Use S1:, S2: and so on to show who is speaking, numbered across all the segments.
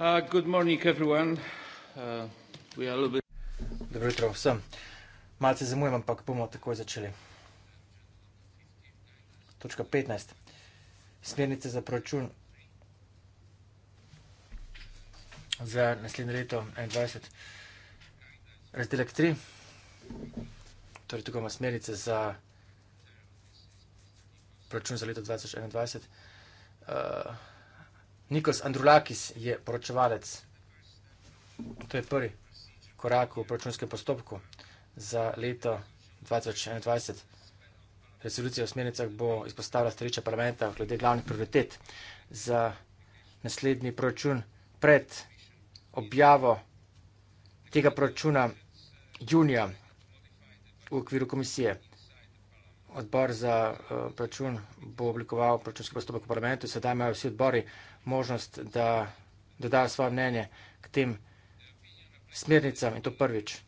S1: Uh, good morning, everyone. Uh, we are a bit- Dobro jutro vsem. Malce zamujam, ampak bomo takoj začeli. Točka petnajst. Smernice za proračun za naslednje leto, enaindvajset. Razdelek tri. Torej tukaj imamo smernice za proračun za leto dva tisoč enaindvajset. Uh, Nikos Andrulakis je poročevalec. To je prvi korak v proračunskem postopku za leto 2021. Resolucija o smernicah bo izpostavila stališče parlamenta glede glavnih prioritet za naslednji proračun pred objavo tega proračuna junija v okviru komisije. Odbor za eh, proračun bo oblikoval proračunski postopek v parlamentu, sedaj imajo vsi odbori možnost, da dodajo svoje mnenje k tem smernicam in to prvič.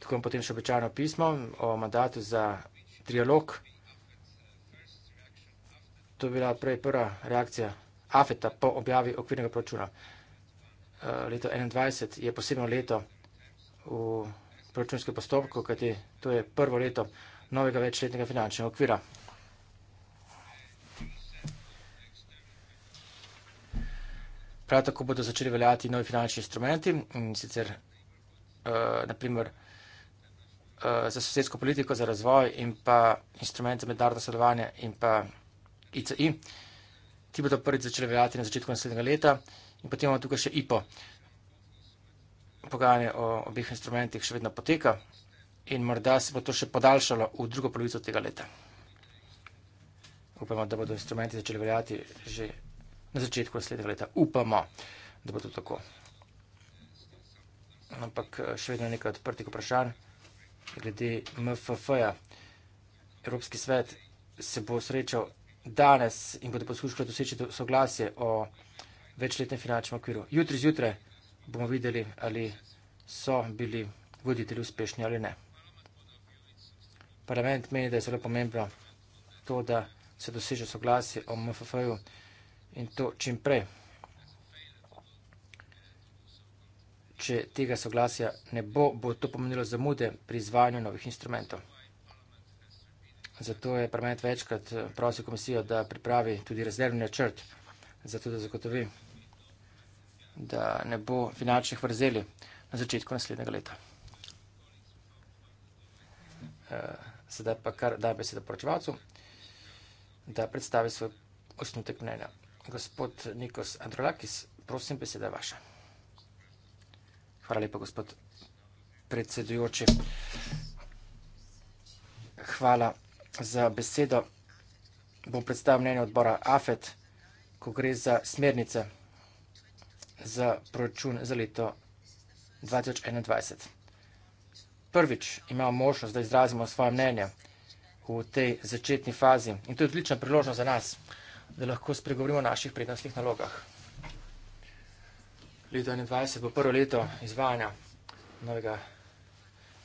S1: Tako imam potem še običajno pismo o mandatu za trialog. To je bila prej prva reakcija AFETA po objavi okvirnega proračuna. Eh, leto 2021 je posebno leto v proračunskem postopku, kajti to je prvo leto novega večletnega finančnega okvira. Prav tako bodo začeli veljati novi finančni instrumenti in sicer uh, eh, naprimer uh, eh, za sosedsko politiko, za razvoj in pa instrument za mednarodno sodelovanje in pa ICI. Ti bodo prvi začeli veljati na začetku naslednjega leta in potem imamo tukaj še IPO. Pogajanje o obeh instrumentih še vedno poteka in morda se bo to še podaljšalo v drugo polovico tega leta. Upamo, da bodo instrumenti začeli veljati že na začetku naslednjega leta. Upamo, da bo to tako. Ampak eh, še vedno nekaj odprtih vprašanj glede MFF-ja. Evropski svet se bo srečal danes in bodo poskušali doseči soglasje o večletnem finančnem okviru. Jutri zjutraj bomo videli, ali so bili voditelji uspešni ali ne. Parlament meni, da je zelo pomembno to, da se doseže soglasje o MFF-ju in to čim prej. Če tega soglasja ne bo, bo to pomenilo zamude pri izvajanju novih instrumentov. Zato je parlament večkrat eh, prosil komisijo, da pripravi tudi rezervni načrt, zato da zagotovi, da ne bo finančnih vrzeli na začetku naslednjega leta. Eh, sedaj pa kar daj besedo poročevalcu, da predstavi svoj osnutek mnenja. Gospod Nikos Androlakis, prosim, beseda vaša. Hvala lepa, gospod predsedujoči. Hvala za besedo. Bom predstavil mnenje odbora AFET, ko gre za smernice za proračun za leto 2021. Prvič imamo možnost, da izrazimo svoje mnenje v tej začetni fazi in to je odlična priložnost za nas, da lahko spregovorimo o naših prednostnih nalogah. Leto 2021 bo prvo leto izvajanja novega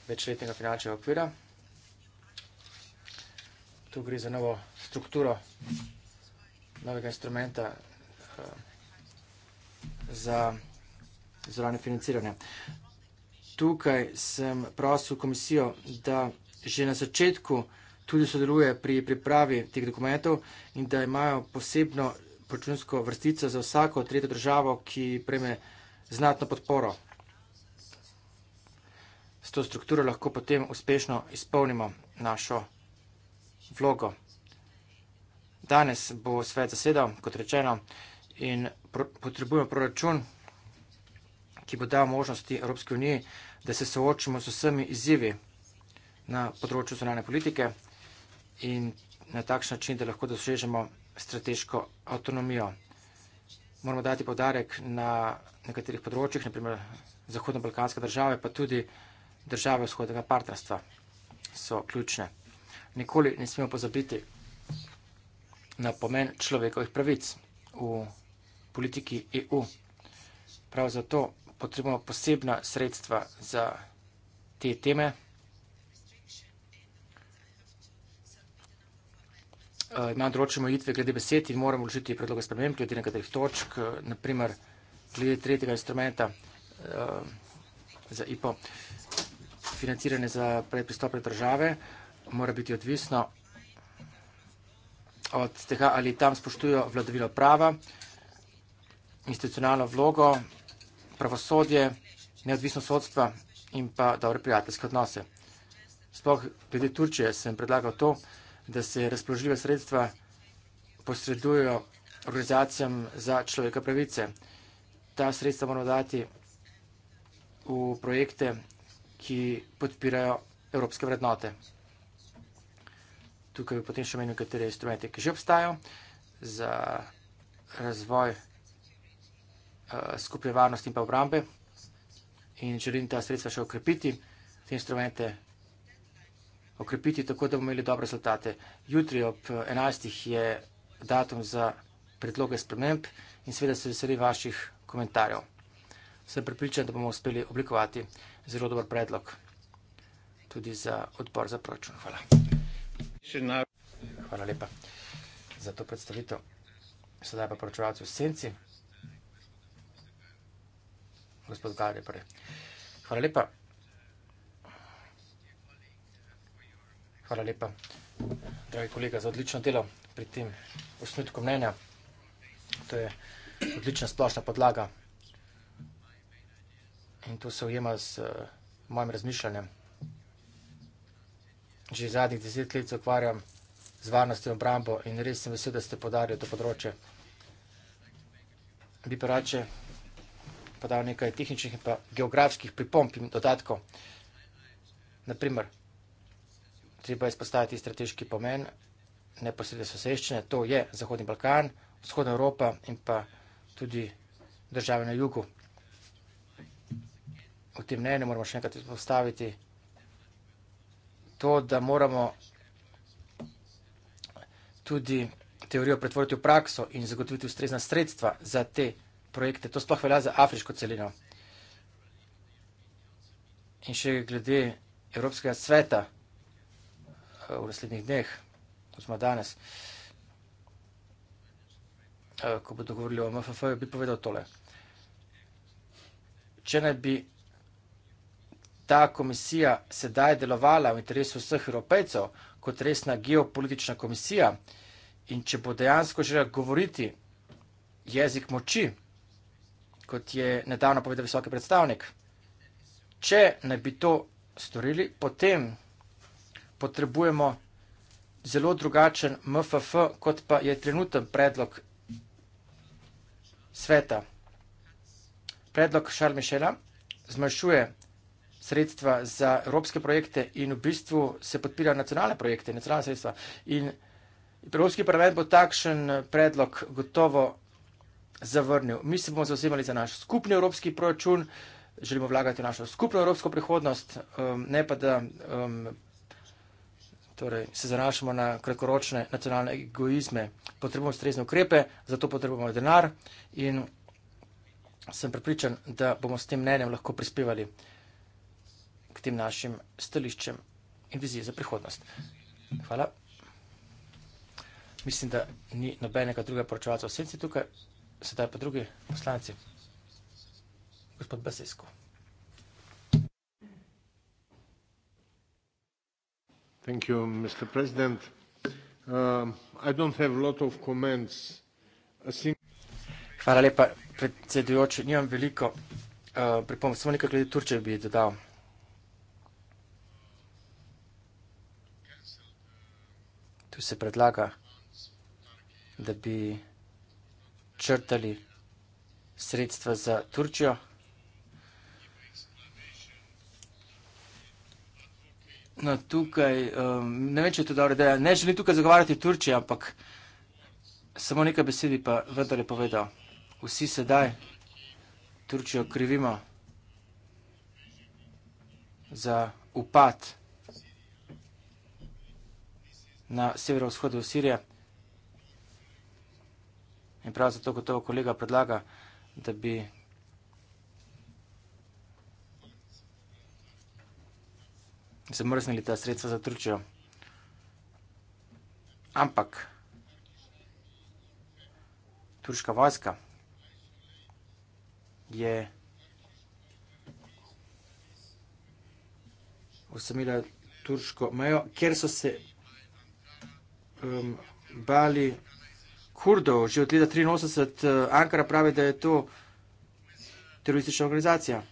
S1: večletnega finančnega okvira. Tu gre za novo strukturo novega instrumenta eh, za zvrane financiranje. Tukaj sem prosil komisijo, da že na začetku tudi sodeluje pri pripravi teh dokumentov in da imajo posebno računsko vrstico za vsako tretjo državo, ki preme znatno podporo. S to strukturo lahko potem uspešno izpolnimo našo vlogo. Danes bo svet zasedal, kot rečeno, in potrebujemo proračun, ki bo dal možnosti Evropske unije, da se soočimo z vsemi izzivi na področju zunanje politike in na takšen način, da lahko dosežemo strateško avtonomijo. Moramo dati podarek na nekaterih področjih, naprimer Zahodno-Balkanske države, pa tudi države vzhodnega partnerstva so ključne. Nikoli ne smemo pozabiti na pomen človekovih pravic v politiki EU. Prav zato potrebujemo posebna sredstva za te teme. Eh, na odročju mojitve glede besed in moram vložiti predloge sprememb glede nekaterih točk, eh, naprimer glede tretjega instrumenta uh, za IPO. Financiranje za predpristopne države mora biti odvisno od tega, ali tam spoštujo vladavino prava, institucionalno vlogo, pravosodje, neodvisno sodstva in pa dobre prijateljske odnose. Sploh glede Turčije sem predlagal to, da se razpoložljiva sredstva posredujo organizacijam za človeka pravice. Ta sredstva moramo dati v projekte, ki podpirajo evropske vrednote. Tukaj bi potem še menil, katere instrumente, ki že obstajajo za razvoj eh, skupne varnosti in pa obrambe. In želim ta sredstva še okrepiti, te instrumente okrepiti, tako da bomo imeli dobre rezultate. Jutri ob 11. Eh, je datum za predloge sprememb in seveda se veselim vaših komentarjev. Sem pripričan, da bomo uspeli oblikovati zelo dober predlog tudi za odbor za proračun. Hvala. Hvala lepa za to predstavitev. Sedaj pa poročevalci v senci. Gospod Gade, prej. Hvala lepa. Hvala lepa, dragi kolega, za odlično delo pri tem osnutku mnenja. To je odlična splošna podlaga in to se ujema z uh, mojim razmišljanjem. Že zadnjih deset let se ukvarjam z varnostjo in obrambo in res sem vesel, da ste podarili to področje. Bi pa rače podal nekaj tehničnih in pa geografskih pripomp in dodatkov. Naprimer, treba izpostaviti strateški pomen neposredne soseščine, to je Zahodni Balkan, Vzhodna Evropa in pa tudi države na jugu. V tem mnenju moramo še enkrat izpostaviti to, da moramo tudi teorijo pretvoriti v prakso in zagotoviti ustrezna sredstva za te projekte. To sploh velja za afriško celino. In še glede Evropskega sveta. Eh, v naslednjih dneh, oziroma danes, eh, ko bodo govorili o MFF, bi povedal tole. Če ne bi ta komisija sedaj delovala v interesu vseh evropejcev kot resna geopolitična komisija in če bo dejansko želela govoriti jezik moči, kot je nedavno povedal visoki predstavnik, če ne bi to storili, potem potrebujemo zelo drugačen MFF, kot pa je trenuten predlog sveta. Predlog Charles Michela zmanjšuje sredstva za evropske projekte in v bistvu se podpira nacionalne projekte, nacionalne sredstva. In Evropski parlament bo takšen predlog gotovo zavrnil. Mi se bomo zauzemali za naš skupni evropski proračun, želimo vlagati v našo skupno evropsko prihodnost, ehm, ne pa da ehm, torej se zanašamo na kratkoročne nacionalne egoizme. Potrebujemo strezne ukrepe, zato potrebujemo denar in sem prepričan, da bomo s tem mnenjem lahko prispevali k tem našim stališčem in viziji za prihodnost. Hvala. Mislim, da ni nobenega drugega poročevalca v senci tukaj, sedaj pa drugi poslanci. Gospod Basesko. mr president um, i don't have a lot of comments Hvala lepa, predsedujoči, nimam veliko uh, pripomb, samo nekaj glede Turčije bi dodal. Tu se predlaga, da bi črtali sredstva za Turčijo. No, tukaj, um, ne vem, če je to dobro, da ne želim tukaj zagovarjati Turčije, ampak samo nekaj besed bi pa vendar je povedal. Vsi sedaj Turčijo krivimo za upad na severovzhodu Sirije. In prav zato, kot to kolega predlaga, da bi zamrznili ta sredstva za tručjo. Ampak turška vojska je osamila turško mejo, ker so se um, bali kurdov že od leta 1983. Uh, Ankara pravi, da je to teroristična organizacija.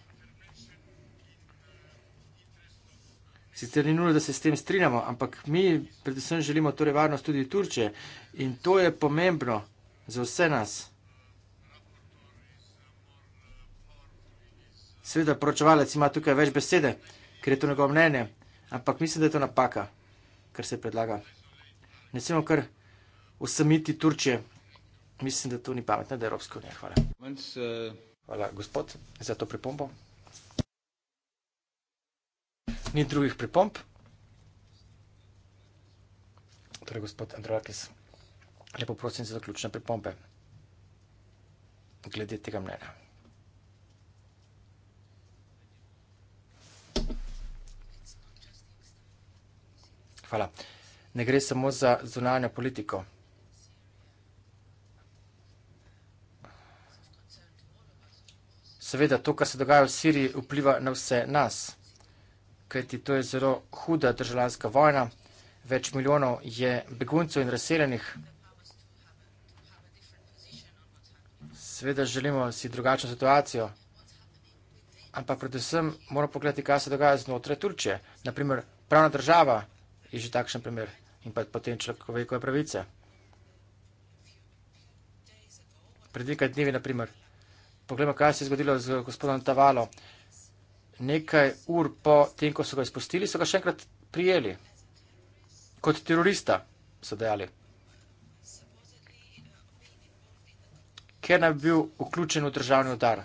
S1: Sicer ni nujno, da se s tem strinjamo, ampak mi predvsem želimo torej varnost tudi Turčije in to je pomembno za vse nas. Sveda, poročevalec ima tukaj več besede, ker je to njegovo mnenje, ampak mislim, da je to napaka, kar se predlaga. Ne smemo kar osamiti Turčije. Mislim, da to ni pametno, da je Evropska unija. Hvala. Hvala, gospod, za to pripombo ni drugih pripomb. Torej, gospod Andrakis, lepo prosim za zaključne pripombe glede tega mnenja. Hvala. Ne gre samo za zunanjo politiko. Seveda, to, kar se dogaja v Siriji, vpliva na vse nas kajti to je zelo huda državljanska vojna, več milijonov je beguncev in razseljenih. Seveda želimo si drugačno situacijo, ampak predvsem moramo pogledati, kaj se dogaja znotraj Turčije. Naprimer, pravna država je že takšen primer in pa potem človekove pravice. Pred nekaj dnevi, naprimer, pogledamo, kaj se je zgodilo z gospodom Tavalo nekaj ur po tem, ko so ga izpustili, so ga še enkrat prijeli. Kot terorista so dejali. Ker naj bi bil vključen v državni udar.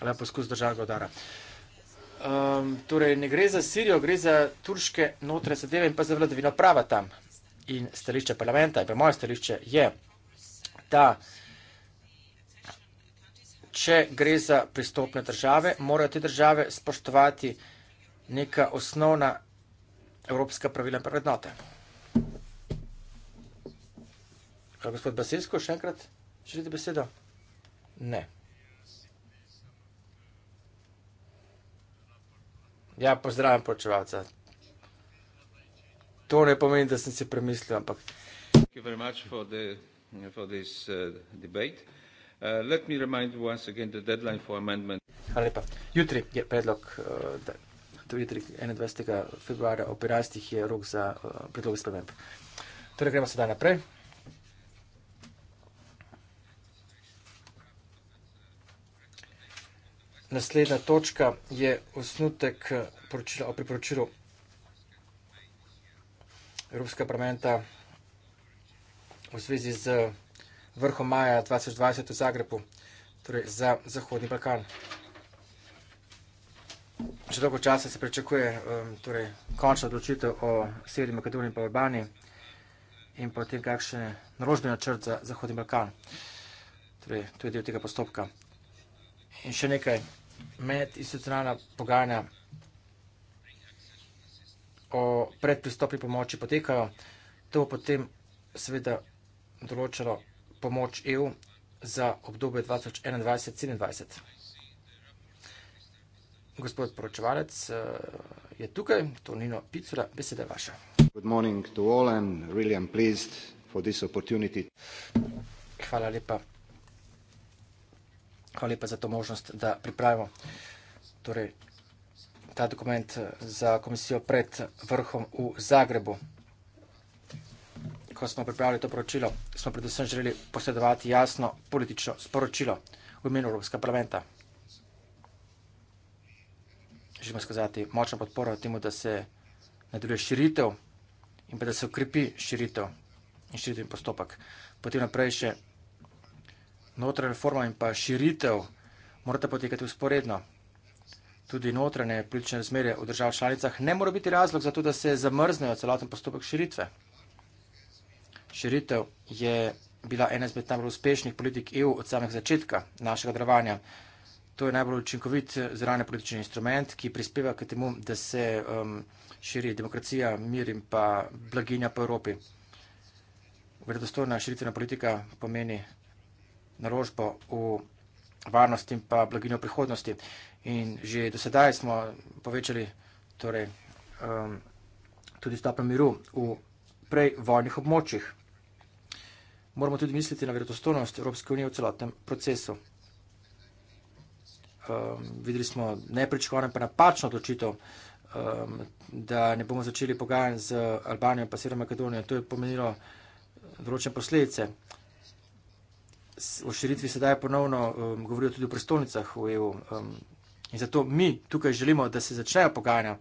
S1: Lepo poskus državnega udara. Um, torej, ne gre za Sirijo, gre za turške notre zadeve in pa za vladavino prava tam. In stališče parlamenta, in pa moje stališče je, da če gre za pristopne države, morajo te države spoštovati neka osnovna evropska pravila in prednote. Gospod Basilsko, še enkrat želite besedo? Ne. Ja, pozdravim počevalca. To ne pomeni, da sem si premislil, ampak... Thank you very much for, the, for this uh, debate. Uh, let me remind once again the deadline for amendment. Hvala lepa. Jutri je predlog, to uh, je jutri 21. februara, ob 11. je rok za uh, predloge sprememb. Torej gremo sedaj naprej. Naslednja točka je osnutek o priporočilu Evropskega parlamenta v zvezi z vrhu maja 2020 v Zagrebu, torej za Zahodni Balkan. Že dolgo časa se pričakuje um, torej, končna odločitev o Severni Makedoniji in pa Albaniji in potem kakšen naložbeni načrt za Zahodni Balkan. Torej, to je del tega postopka. In še nekaj, med institucionalna pogajanja o predpristopni pomoči potekajo, to potem seveda določalo pomoč EU za obdobje 2021-2027. Gospod poročevalec eh, je tukaj, Tonino Picula, beseda je vaša. Really Hvala lepa. Hvala lepa za to možnost, da pripravimo torej, ta dokument eh, za komisijo pred vrhom v Zagrebu ko smo pripravili to poročilo, smo predvsem želeli posredovati jasno politično sporočilo v imenu Evropskega parlamenta. Želimo skazati močno podporo temu, da se nadaljuje širitev in pa da se ukrepi širitev in širitev in postopek. Potem naprej še notranja reforma in pa širitev morata potekati usporedno. Tudi notranje politične razmere v državah članicah ne mora biti razlog za to, da se zamrznejo celoten postopek širitve širitev je bila ena izmed najbolj uspešnih politik EU od samega začetka našega delovanja. To je najbolj učinkovit eh, zrane politični instrument, ki prispeva k temu, da se um, širi demokracija, mir in pa blaginja po Evropi. Vredostojna širitvena politika pomeni naložbo v varnost in pa blaginjo prihodnosti. In že do sedaj smo povečali torej, um, tudi stopno miru v prej vojnih območjih moramo tudi misliti na verodostojnost Evropske unije v celotnem procesu. Um, videli smo nepričakovane pa napačno odločitev, um, da ne bomo začeli pogajanj z Albanijo pa Sredo Makedonijo. To je pomenilo vroče posledice. O širitvi sedaj ponovno um, govorijo tudi v prestolnicah v EU. Um, in zato mi tukaj želimo, da se začnejo pogajanja uh,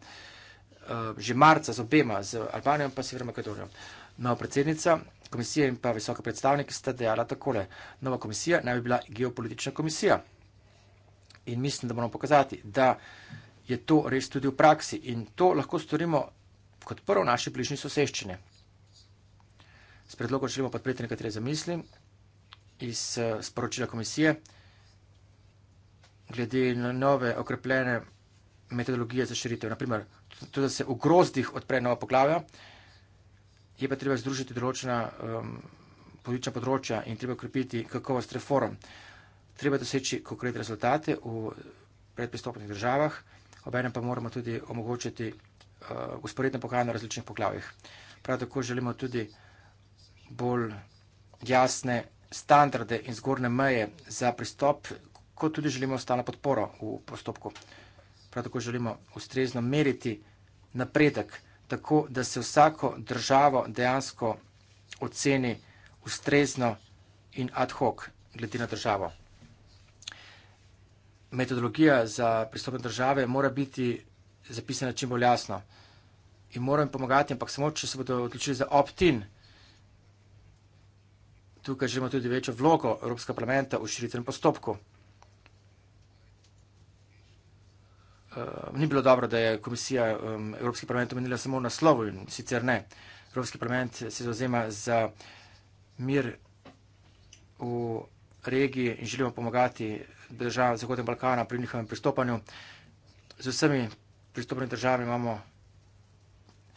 S1: že marca z obema, z Albanijo pa Sredo Makedonijo. No, predsednica komisije in pa visoka predstavnika sta dejala takole. Nova komisija naj bi bila geopolitična komisija. In mislim, da moramo pokazati, da je to res tudi v praksi in to lahko storimo kot prvo v naši bližnji soseščini. S predlogom želimo podpreti nekatere zamisli iz eh, sporočila komisije glede na no-, nove okrepljene metodologije za širitev. Naprimer, tudi da se v grozdih odpre nova poglavja, je pa treba združiti določena um, politična področja in treba ukrepiti kakovost reform. Treba doseči konkretne rezultate v predpristopnih državah, obenem pa moramo tudi omogočiti uh, usporedno pogajanje na različnih poglavjih. Prav tako želimo tudi bolj jasne standarde in zgorne meje za pristop, kot tudi želimo stalno podporo v postopku. Prav tako želimo ustrezno meriti napredek tako da se vsako državo dejansko oceni ustrezno in ad hoc glede na državo. Metodologija za pristopne države mora biti zapisana čim bolj jasno in moram jim pomagati, ampak samo, če se bodo odločili za opt-in. Tukaj želimo tudi večjo vlogo Evropskega parlamenta v širitvenem postopku. Eh, ni bilo dobro, da je komisija um, Evropski parlament omenila samo naslovo in sicer ne. Evropski parlament se zauzema za mir v regiji in želimo pomagati državam Zahodnega Balkana pri njihovem pristopanju. Z vsemi pristopnimi državami imamo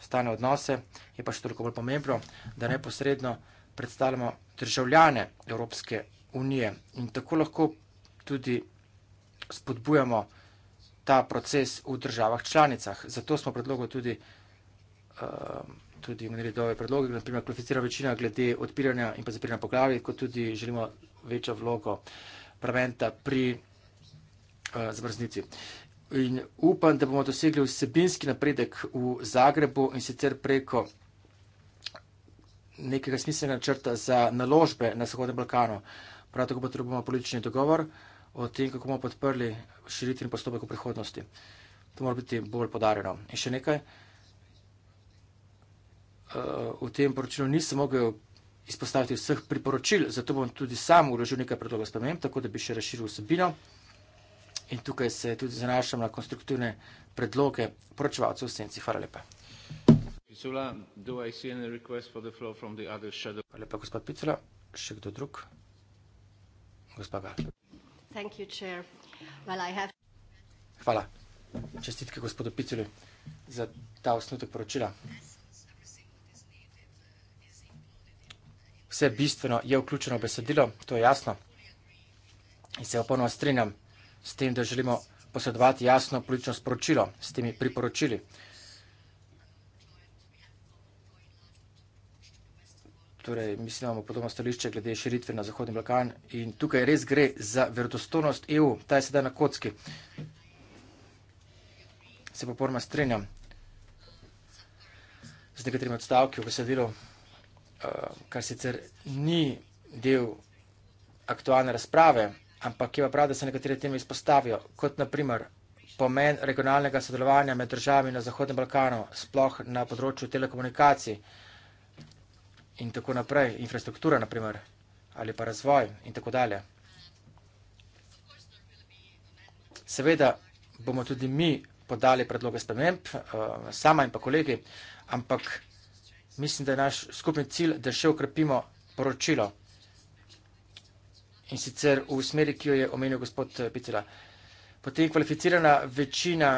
S1: stane odnose, je pa še toliko bolj pomembno, da neposredno predstavljamo državljane Evropske unije in tako lahko tudi spodbujamo ta proces v državah članicah. Zato smo predlogo tudi, uh, tudi imeli dove predloge, naprimer kvalificirana večina glede odpiranja in pa zapiranja poglavij, kot tudi želimo večjo vlogo parlamenta pri uh, zmrznici. In upam, da bomo dosegli vsebinski napredek v Zagrebu in sicer preko nekega smiselnega načrta za naložbe na Zahodnem Balkanu. Prav tako potrebujemo politični dogovor o tem, kako bomo podprli širitveni postopek v prihodnosti. To mora biti bolj podarjeno. In še nekaj, eh, v tem poročilu nisem mogel izpostaviti vseh priporočil, zato bom tudi sam uložil nekaj predloga spomenem, tako da bi še razširil vsebino. In tukaj se tudi zanašam na konstruktivne predloge poročevalcev v senci. Hvala lepa. Hvala lepa, gospod Picula. Še kdo drug? Gospod Gal.
S2: Thank you, chair. Well, I have...
S1: Hvala. Čestitke gospodu Piculju za ta osnutek poročila. Vse bistveno je vključeno besedilo, to je jasno. In se oponovno strinjam s tem, da želimo posredovati jasno politično sporočilo s temi priporočili. Torej, mi imamo podobno stališče glede širitve na Zahodni Balkan in tukaj res gre za verodostojnost EU, ta je sedaj na kocki. Se poporma strinjam z nekaterimi odstavki v besedilu, eh, kar sicer ni del aktualne razprave, ampak je pa prav, da se nekatere teme izpostavijo, kot naprimer pomen regionalnega sodelovanja med državami na Zahodnem Balkanu, sploh na področju telekomunikacij in tako naprej, infrastruktura naprimer, ali pa razvoj in tako dalje. Seveda bomo tudi mi podali predloge sprememb, eh, sama in pa kolegi, ampak mislim, da je naš skupni cilj, da še ukrepimo poročilo in sicer v smeri, ki jo je omenil gospod Picela. Potem kvalificirana večina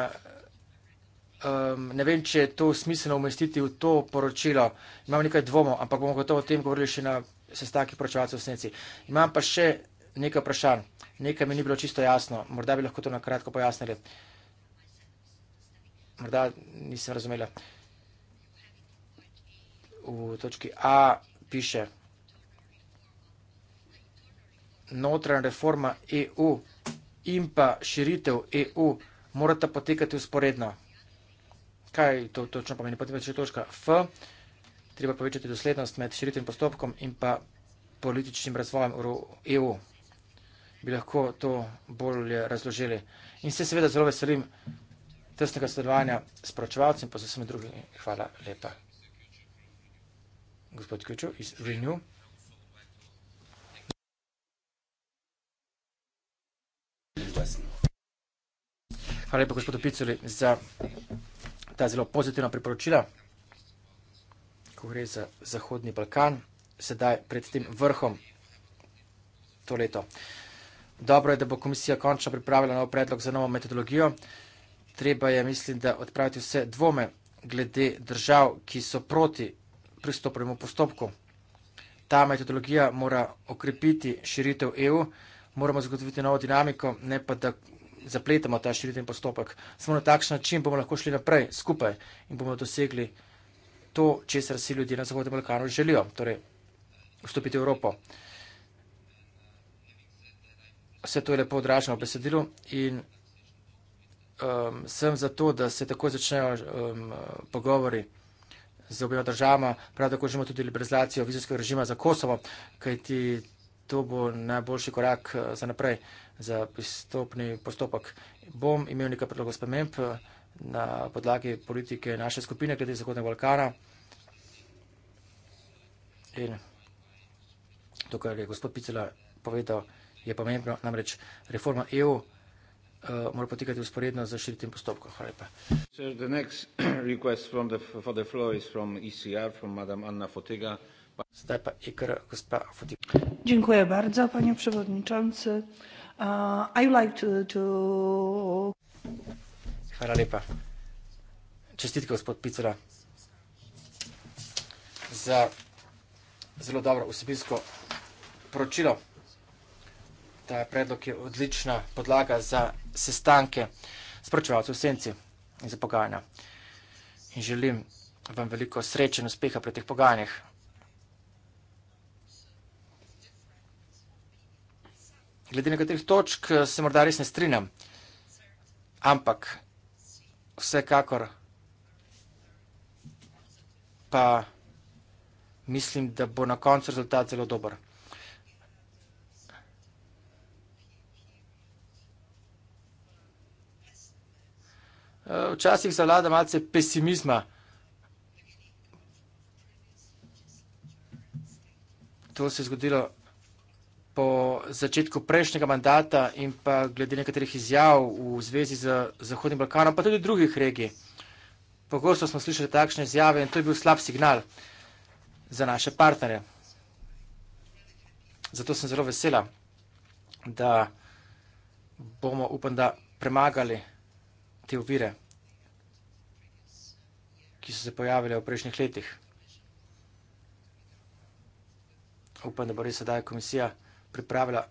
S1: um, ne vem, če je to smiselno umestiti v to poročilo. Imam nekaj dvomov, ampak bomo gotovo o tem govorili še na sestankih poročevalcev v Senci. Imam pa še nekaj vprašanj. Nekaj mi ni bilo čisto jasno. Morda bi lahko to na kratko pojasnili. Morda nisem razumela. V točki A piše. Notranja reforma EU in pa širitev EU morata potekati usporedno kaj to točno pomeni. Potem še točka F. Treba povečati doslednost med širitvim postopkom in pa političnim razvojem v EU. Bi lahko to bolje razložili. In se seveda zelo veselim tesnega sodelovanja s poročevalcem, pa z vsemi drugimi. Hvala lepa. Gospod Kučo iz Renew. Hvala lepa gospodu Piculi za ta zelo pozitivna priporočila, ko gre za Zahodni Balkan, sedaj pred tem vrhom to leto. Dobro je, da bo komisija končno pripravila nov predlog za novo metodologijo. Treba je, mislim, da odpraviti vse dvome glede držav, ki so proti pristopnemu postopku. Ta metodologija mora okrepiti širitev EU, moramo zagotoviti novo dinamiko, ne pa da zapletamo ta širiten postopek. Samo na takšen način bomo lahko šli naprej skupaj in bomo dosegli to, česar si ljudje na Zahodnem Balkanu želijo, torej vstopiti v Evropo. Vse to je lepo odraženo v besedilu in um, sem za to, da se tako začnejo um, pogovori z objema državama, prav tako želimo tudi liberalizacijo vizijskega režima za Kosovo, kajti to bo najboljši korak uh, za naprej za pristopni postopek. Bom imel nekaj predlogov sprememb eh, na podlagi politike naše skupine glede Zahodnega Balkana. In to, kar je gospod Picela povedal, je pomembno, namreč reforma EU eh, mora potekati usporedno z širitim postopkom. Hvala lepa. Sir, the next request from the, for the floor is from ECR, from Madam Anna Fotega. Zdaj pa ikr gospa Fotega.
S2: Dziękuję bardzo, panie przewodniczący. Uh, I would like to, to...
S1: Hvala lepa. Čestitke, gospod Picera, za zelo dobro vsebinsko poročilo. Ta predlog je odlična podlaga za sestanke s poročevalci v senci in za pogajanja. In želim vam veliko sreče in uspeha pri teh pogajanjih. Glede nekaterih točk eh, se morda res ne strinjam, ampak vsekakor pa mislim, da bo na koncu rezultat zelo dober. Eh, včasih zavlada malce pesimizma. To se je zgodilo po začetku prejšnjega mandata in pa glede nekaterih izjav v zvezi z Zahodnim Balkanom, pa tudi drugih regij. Pogosto smo slišali takšne izjave in to je bil slab signal za naše partnere. Zato sem zelo vesela, da bomo, upam, da premagali te ovire, ki so se pojavile v prejšnjih letih. Upam, da bo res sedaj komisija pripravila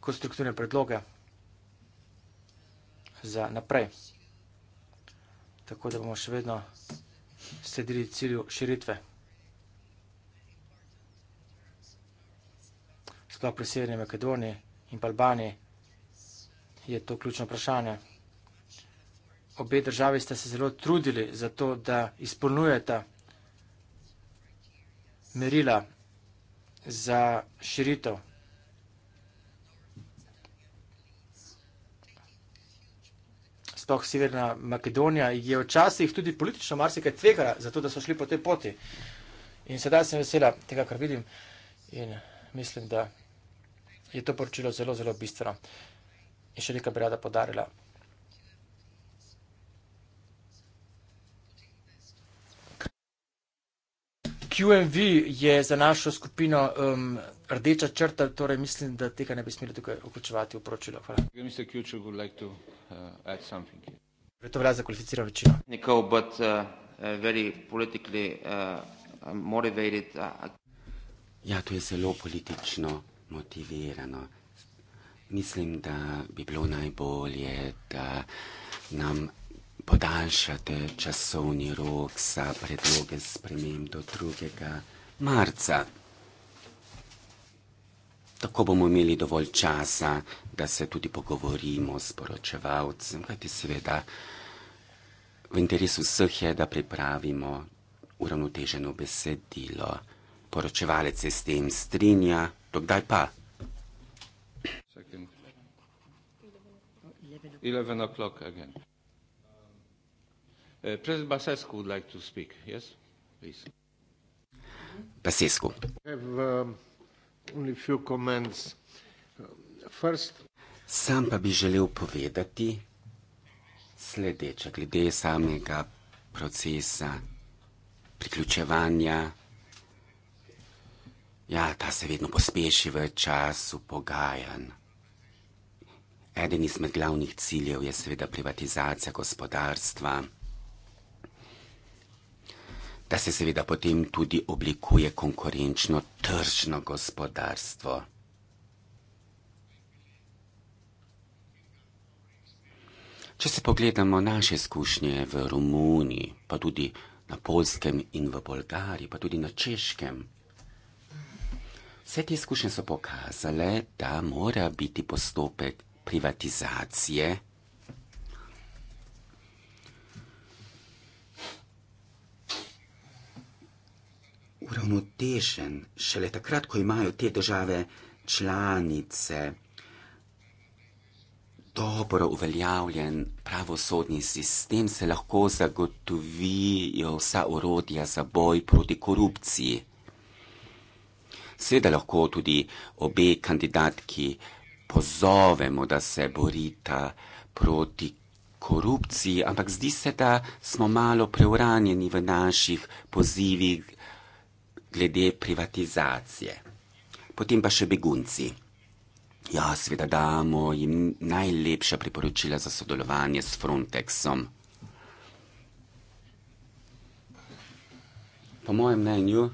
S1: konstruktivne predloge za naprej. Tako da bomo še vedno sledili cilju širitve. Sploh pri Severni Makedoniji in Albaniji je to ključno vprašanje. Obe državi sta se zelo trudili za to, da izpolnjujeta merila za širitev. sploh Severna Makedonija, je včasih tudi politično marsikaj tvegala, zato da so šli po tej poti. In sedaj sem vesela tega, kar vidim in mislim, da je to poročilo zelo, zelo bistveno. In še nekaj bi rada podarila. QMV je za našo skupino um, rdeča črta, torej mislim, da tega ne bi smeli tukaj vključevati v poročilo. Hvala.
S2: Je uh, to vlada
S1: za
S3: kvalificirano večino? Uh, uh, ja, to je zelo politično motivirano. Mislim, da bi bilo najbolje, da nam podaljšate časovni rok za predloge sprememb do 2. marca. Tako bomo imeli dovolj časa, da se tudi pogovorimo s poročevalcem, kajti seveda v interesu vseh je, da pripravimo uravnoteženo besedilo. Poročevalec se s tem strinja, dokdaj pa?
S2: 11 o'clock again. Uh, President Basescu would like to speak. Yes, please.
S3: Basescu.
S1: I have um, only a few comments. Uh, first,
S3: Sam pa bi želel povedati sledeče, glede samega procesa priključevanja. Ja, ta se vedno pospeši v času pogajanj. Eden izmed glavnih ciljev je seveda privatizacija gospodarstva da se seveda potem tudi oblikuje konkurenčno tržno gospodarstvo. Če se pogledamo naše izkušnje v Romuniji, pa tudi na Polskem in v Bolgariji, pa tudi na Češkem, vse te izkušnje so pokazale, da mora biti postopek privatizacije uravnotežen, šele takrat, ko imajo te države članice dobro uveljavljen pravosodni sistem, se lahko zagotovijo vsa urodja za boj proti korupciji. Seveda lahko tudi obe kandidatki pozovemo, da se borita proti korupciji, ampak zdi se, da smo malo preuranjeni v naših pozivih glede privatizacije. Potem pa še begunci. Ja, seveda damo jim najlepša priporočila za sodelovanje s Frontexom. Po mojem mnenju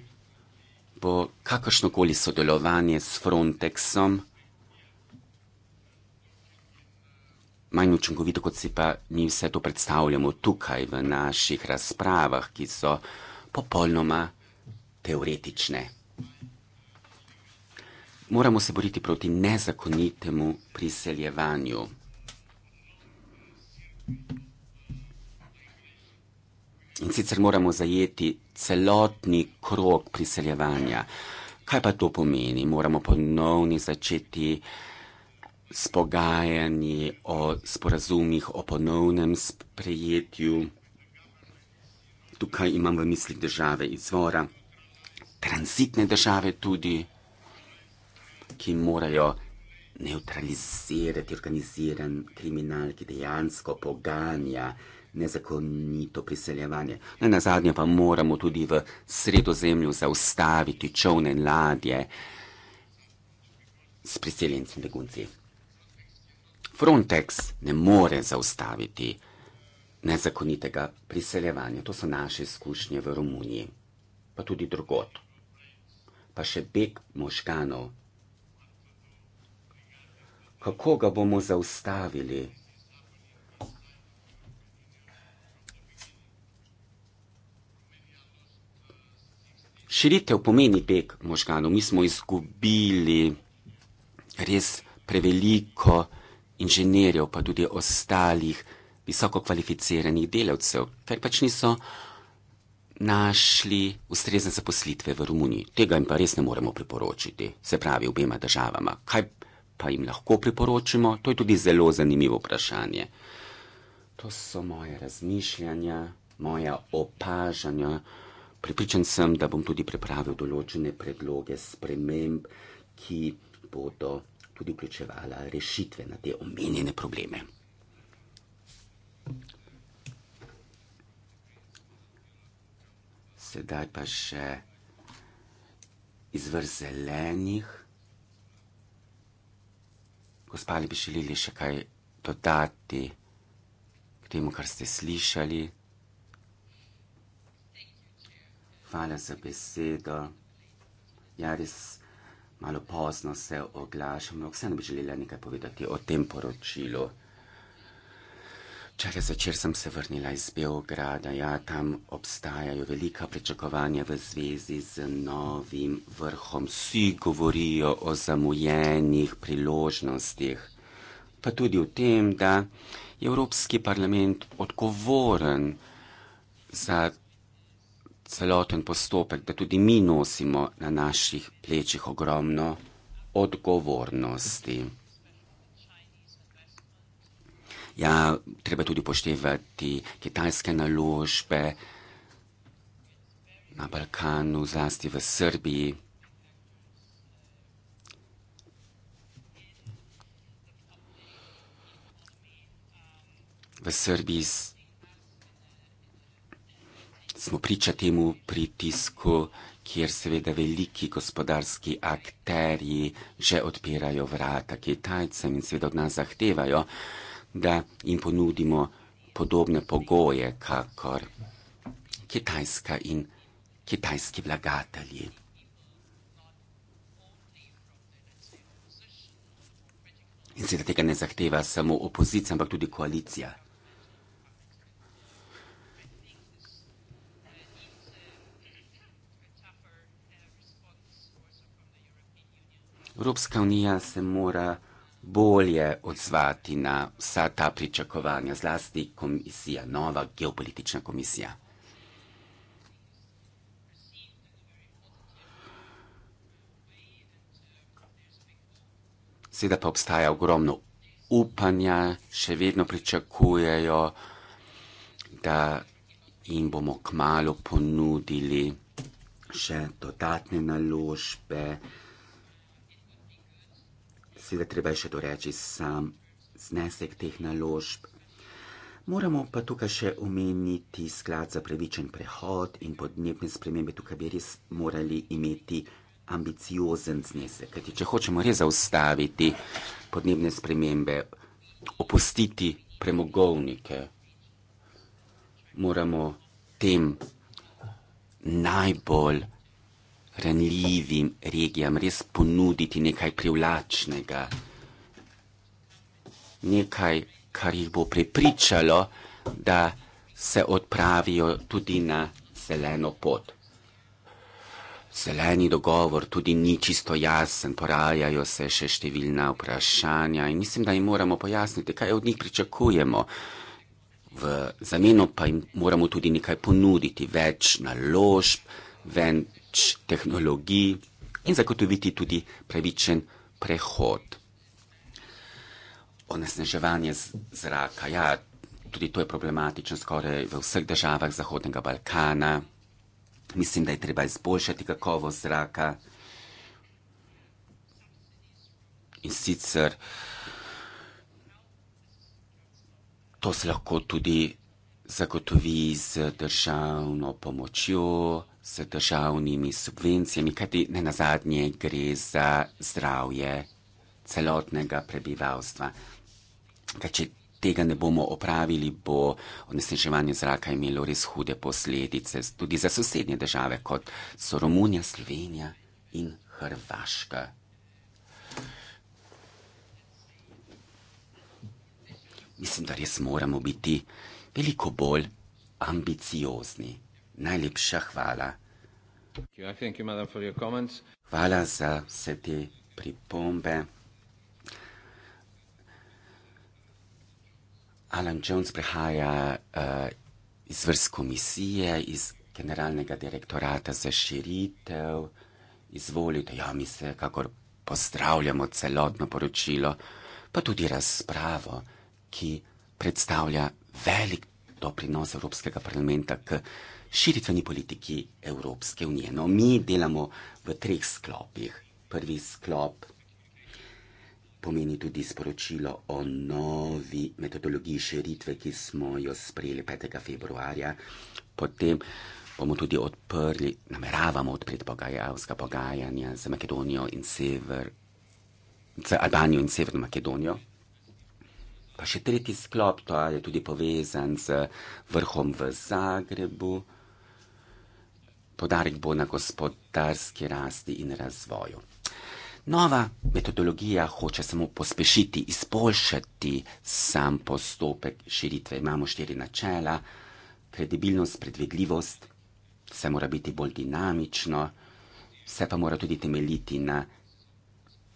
S3: bo kakršnokoli sodelovanje s Frontexom manj učinkovito, kot si pa mi vse to predstavljamo tukaj v naših razpravah, ki so popolnoma teoretične. Moramo se boriti proti nezakonitemu priseljevanju. In sicer moramo zajeti celotni krok priseljevanja. Kaj pa to pomeni? Moramo ponovno začeti s pogajanji o sporazumih, o ponovnem sprejetju. Tukaj imam v mislih države izvora transitne države tudi, ki morajo neutralizirati organiziran kriminal, ki dejansko poganja nezakonito priseljevanje. Na no, nazadnje pa moramo tudi v sredozemlju zaustaviti čovne ladje s priseljenci in begunci. Frontex ne more zaustaviti nezakonitega priseljevanja. To so naše izkušnje v Romuniji, pa tudi drugot pa še beg možganov. Kako ga bomo zaustavili? Širitev pomeni beg možganov. Mi smo izgubili res preveliko inženirjev, pa tudi ostalih visoko kvalificiranih delavcev, ker pač niso našli ustrezne zaposlitve v Romuniji. Tega jim pa res ne moremo priporočiti, se pravi obema državama. Kaj pa jim lahko priporočimo? To je tudi zelo zanimivo vprašanje. To so moje razmišljanja, moja opažanja. Pripričan sem, da bom tudi pripravil določene predloge sprememb, ki bodo tudi vključevala rešitve na te omenjene probleme. sedaj pa še izvor zelenih. Gospa, ali bi želeli še kaj dodati k temu, kar ste slišali? Hvala za besedo. Ja, res malo pozno se oglašam, ampak vseeno bi želela nekaj povedati o tem poročilu. Če rečem, sem se vrnila iz Beograda. Ja, tam obstajajo velika pričakovanja v zvezi z novim vrhom. Vsi govorijo o zamujenih priložnostih, pa tudi o tem, da je Evropski parlament odgovoren za celoten postopek, da tudi mi nosimo na naših plečih ogromno odgovornosti ja, treba tudi poštevati kitajske naložbe na Balkanu, zlasti v Srbiji. V Srbiji smo priča temu pritisku, kjer seveda veliki gospodarski akterji že odpirajo vrata Kitajcem in seveda od nas zahtevajo, da da jim ponudimo podobne pogoje, kakor Kitajska in kitajski vlagatelji. In se tega ne zahteva samo opozicija, ampak tudi koalicija. Evropska unija se mora bolje odzvati na vsa ta pričakovanja, zlasti komisija, nova geopolitična komisija. Seveda pa obstaja ogromno upanja, še vedno pričakujejo, da jim bomo kmalo ponudili še dodatne naložbe seveda treba je še doreči sam znesek teh naložb. Moramo pa tukaj še omeniti sklad za pravičen prehod in podnebne spremembe, tukaj bi res morali imeti ambiciozen znesek. Kajti, če hočemo res zaustaviti podnebne spremembe, opustiti premogovnike, moramo tem najbolj ranljivim regijam res ponuditi nekaj privlačnega, nekaj, kar jih bo prepričalo, da se odpravijo tudi na zeleno pot. Zeleni dogovor tudi ni čisto jasen, porajajo se še številna vprašanja in mislim, da jim moramo pojasniti, kaj od njih pričakujemo. V zameno pa jim moramo tudi nekaj ponuditi, več naložb več tehnologij in zagotoviti tudi pravičen prehod. Onesneževanje zraka, ja, tudi to je problematično skoraj v vseh državah Zahodnega Balkana. Mislim, da je treba izboljšati kakovost zraka. In sicer to se lahko tudi zagotovi z državno pomočjo, z državnimi subvencijami, kajti ne nazadnje gre za zdravje celotnega prebivalstva. Kaj, če tega ne bomo opravili, bo onesneževanje zraka imelo res hude posledice tudi za sosednje države, kot so Romunija, Slovenija in Hrvaška. Mislim, da res moramo biti veliko bolj ambiciozni najlepša hvala. Hvala za vse te pripombe. Alan Jones prihaja uh, eh, iz vrst komisije, iz generalnega direktorata za širitev. Izvolite, ja, mi se kakor pozdravljamo celotno poročilo, pa tudi razpravo, ki predstavlja velik doprinos Evropskega parlamenta k širitveni politiki Evropske unije. No, mi delamo v treh sklopih. Prvi sklop pomeni tudi sporočilo o novi metodologiji širitve, ki smo jo sprejeli 5. februarja. Potem bomo tudi odprli, nameravamo odpreti pogajalska pogajanja z Makedonijo in sever, z Albanijo in severno Makedonijo. Pa še tretji sklop, to je tudi povezan z vrhom v Zagrebu podarek bo na gospodarski rasti in razvoju. Nova metodologija hoče samo pospešiti, izboljšati sam postopek širitve. Imamo štiri načela: kredibilnost, predvidljivost, vse mora biti bolj dinamično, vse pa mora tudi temeljiti na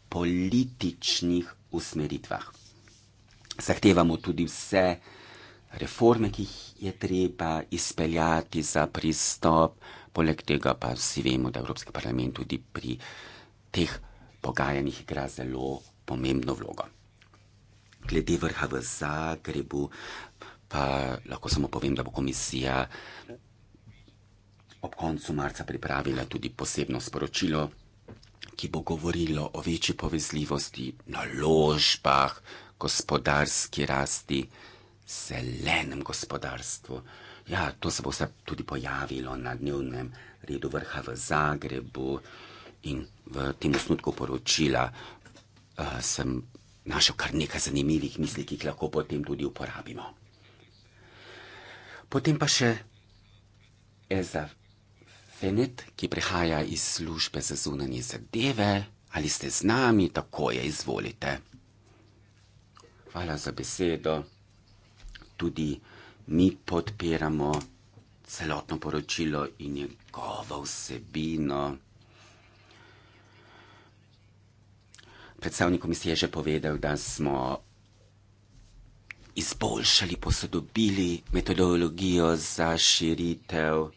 S3: političnih usmeritvah. Zahtevamo tudi vse reforme, ki jih je treba izpeljati za pristop. Poleg tega pa vsi vemo, da Evropski parlament tudi pri teh pogajanjih igra zelo pomembno vlogo. Glede vrha v Zagrebu, pa lahko samo povem, da bo komisija ob koncu marca pripravila tudi posebno sporočilo, ki bo govorilo o večji povezljivosti na ložbah, gospodarski rasti, zelenem gospodarstvu ja, to se bo vse tudi pojavilo na dnevnem redu vrha v Zagrebu. In v tem osnutku poročila uh, sem našel kar nekaj zanimivih misli, ki jih lahko potem tudi uporabimo. Potem pa še Eza Fenet, ki prihaja iz službe za zunanje zadeve. Ali ste z nami, tako je, izvolite. Hvala za besedo. Tudi mi podpiramo celotno poročilo in njegovo vsebino. Predstavnik komisije je že povedal, da smo izboljšali, posodobili metodologijo za širitev.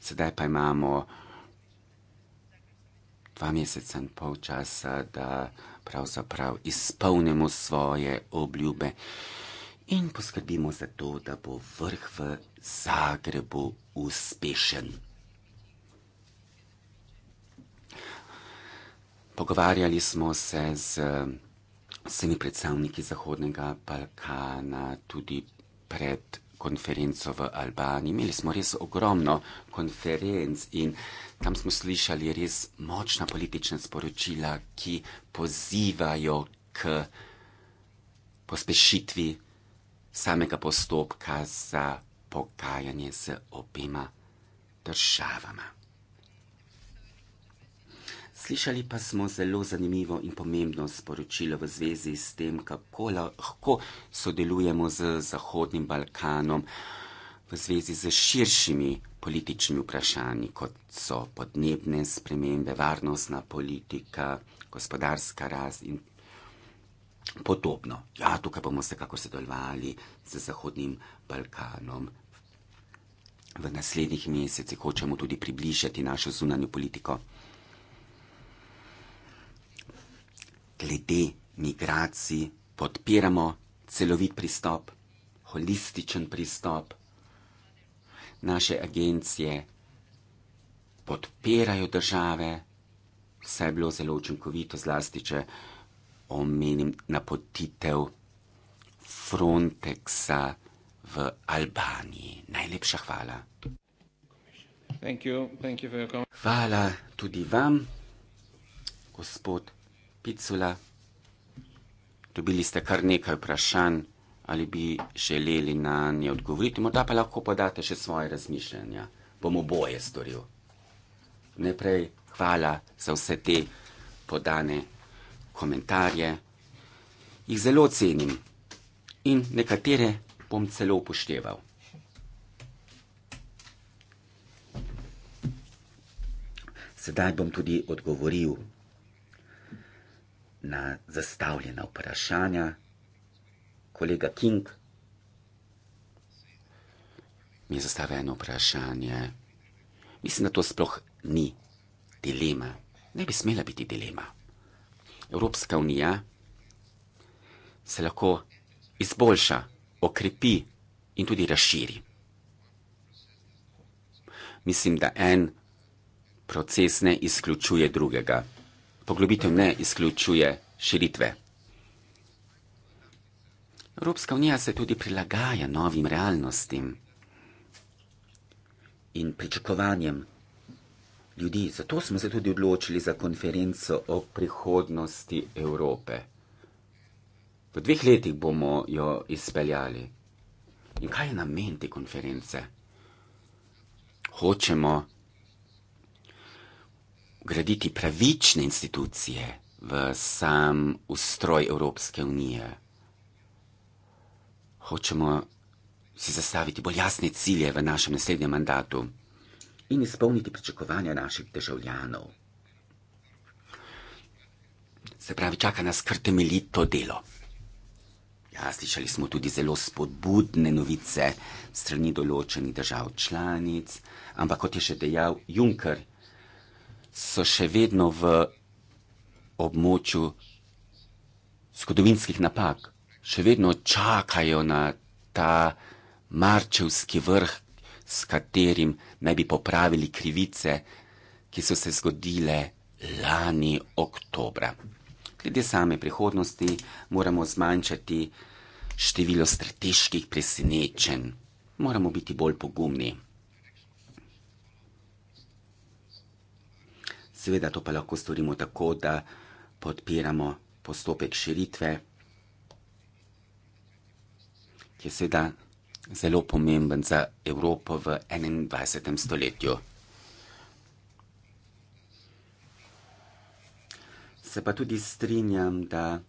S3: Sedaj pa imamo dva meseca in pol časa, da pravzaprav izpolnimo svoje obljube in poskrbimo za to, da bo vrh v Zagrebu uspešen. Pogovarjali smo se z vsemi predstavniki Zahodnega Balkana, tudi pred konferenco v Albaniji. Imeli smo res ogromno konferenc in tam smo slišali res močna politična sporočila, ki pozivajo k pospešitvi samega postopka za pogajanje z obima državama. Slišali pa smo zelo zanimivo in pomembno sporočilo v zvezi s tem, kako lahko sodelujemo z Zahodnim Balkanom v zvezi z širšimi političnimi vprašanji, kot so podnebne spremembe, varnostna politika, gospodarska rast in podobno. Ja, tukaj bomo vsekakor sodelovali z Zahodnim Balkanom. V naslednjih mesecih hočemo tudi približati našo zunanjo politiko. Glede migracij podpiramo celovit pristop, holističen pristop. Naše agencije podpirajo države, vse je bilo zelo učinkovito, zlasti če omenim napotitev Frontexa v Albaniji. Najlepša hvala. Thank you. Thank you hvala tudi vam, gospod Picula. Dobili ste kar nekaj vprašanj, ali bi želeli na nje odgovoriti, morda pa lahko podate še svoje razmišljanja. Bomo boje storil. Najprej hvala za vse te podane komentarje. Jih zelo cenim in nekatere bom celo upošteval. Sedaj bom tudi odgovoril na zastavljena vprašanja. Kolega King mi je zastavil eno vprašanje. Mislim, da to sploh ni dilema. Ne bi smela biti dilema. Evropska unija se lahko izboljša, okrepi in tudi razširi. Mislim, da en proces ne izključuje drugega. Poglobitev ne izključuje širitve. Evropska unija se tudi prilagaja novim realnostim in pričakovanjem ljudi. Zato smo se tudi odločili za konferenco o prihodnosti Evrope. V dveh letih bomo jo izpeljali. In kaj je namen te konference? Hočemo graditi pravične institucije v sam ustroj Evropske unije. Hočemo si zastaviti bolj jasne cilje v našem naslednjem mandatu in izpolniti pričakovanja naših državljanov. Se pravi, čaka nas kar temeljito delo. Ja, slišali smo tudi zelo spodbudne novice strani določenih držav članic, ampak kot je še dejal Juncker, so še vedno v območju zgodovinskih napak, še vedno čakajo na ta marčevski vrh, s katerim naj bi popravili krivice, ki so se zgodile lani oktobra. Glede same prihodnosti moramo zmanjšati število strateških presenečenj, moramo biti bolj pogumni. Seveda to pa lahko storimo tako, da podpiramo postopek širitve, ki je seveda zelo pomemben za Evropo v 21. stoletju. Se pa tudi strinjam, da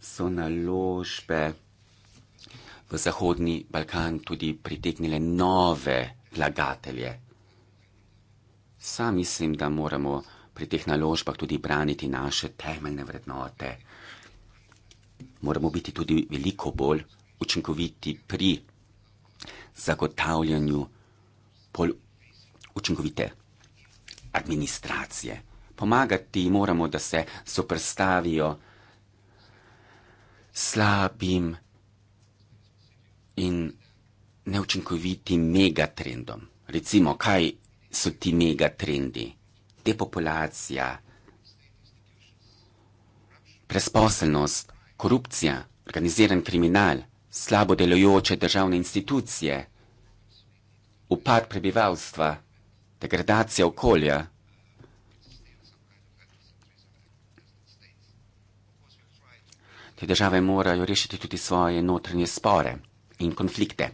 S3: so naložbe v Zahodni Balkan tudi pritegnile nove vlagatelje. Sam mislim, da moramo pri teh naložbah tudi braniti naše temeljne vrednote. Moramo biti tudi veliko bolj učinkoviti pri zagotavljanju bolj učinkovite administracije. Pomagati moramo, da se soprstavijo slabim in neučinkovitim megatrendom. Recimo, kaj so ti megatrendi? Depopulacija, presposelnost, korupcija, organiziran kriminal slabo delujoče državne institucije, upad prebivalstva, degradacija okolja. Te države morajo rešiti tudi svoje notranje spore in konflikte.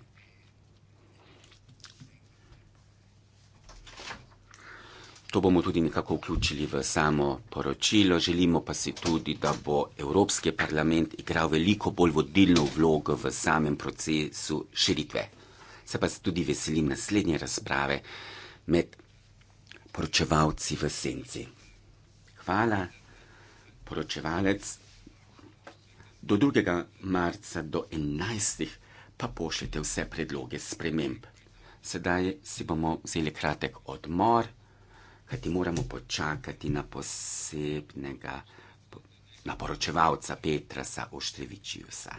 S3: To bomo tudi nekako vključili v samo poročilo. Želimo pa si tudi, da bo Evropski parlament igral veliko bolj vodilno vlogo v samem procesu širitve. Se pa se tudi veselim naslednje razprave med poročevalci v senci. Hvala, poročevalec. Do 2. marca, do 11. pa pošljete vse predloge sprememb. Sedaj si bomo vzeli kratek odmor kajti moramo počakati na posebnega naporočevalca Petra Oštrevičiusa.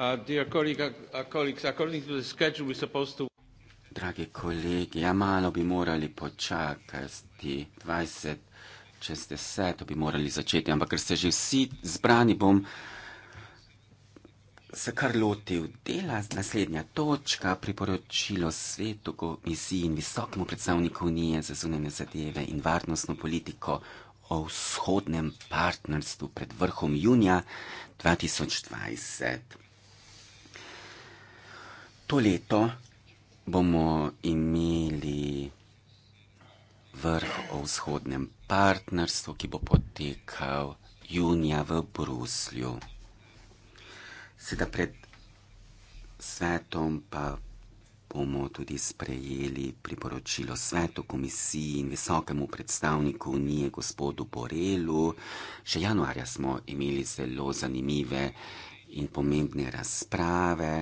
S1: Uh, dear colleague, uh, uh colleagues, uh, according to the schedule we're supposed to...
S3: Dragi kolegi, ja malo bi morali počakati, 20 čez 10 bi morali začeti, ampak ker ste že vsi zbrani, bom se kar lotil dela. Naslednja točka, priporočilo svetu, komisiji in visokemu predstavniku Unije za zunanje zadeve in varnostno politiko o vzhodnem partnerstvu pred vrhom junija 2020 to leto bomo imeli vrh o vzhodnem partnerstvu, ki bo potekal junija v Bruslju. Sedaj pred svetom pa bomo tudi sprejeli priporočilo svetu komisiji in visokemu predstavniku unije gospodu Borelu. Še januarja smo imeli zelo zanimive in pomembne razprave.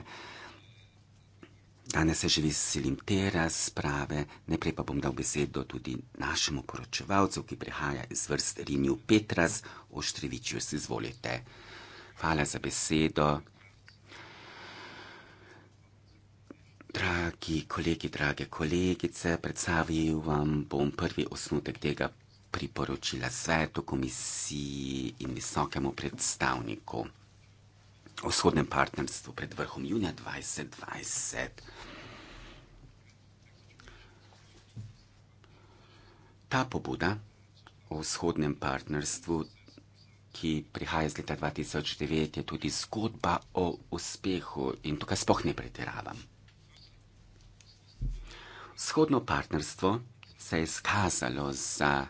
S3: Danes se že veselim te razprave, najprej pa bom dal besedo tudi našemu poročevalcu, ki prihaja iz vrst Rinju Petras, Oštrevičju, se izvolite. Hvala za besedo. Dragi kolegi, drage kolegice, predstavil vam bom prvi osnutek tega priporočila svetu, komisiji in visokemu predstavniku o vzhodnem partnerstvu pred vrhom junija 2020. Ta pobuda o vzhodnem partnerstvu, ki prihaja iz leta 2009, je tudi zgodba o uspehu in tukaj spoh ne pretiravam. Vzhodno partnerstvo se je skazalo za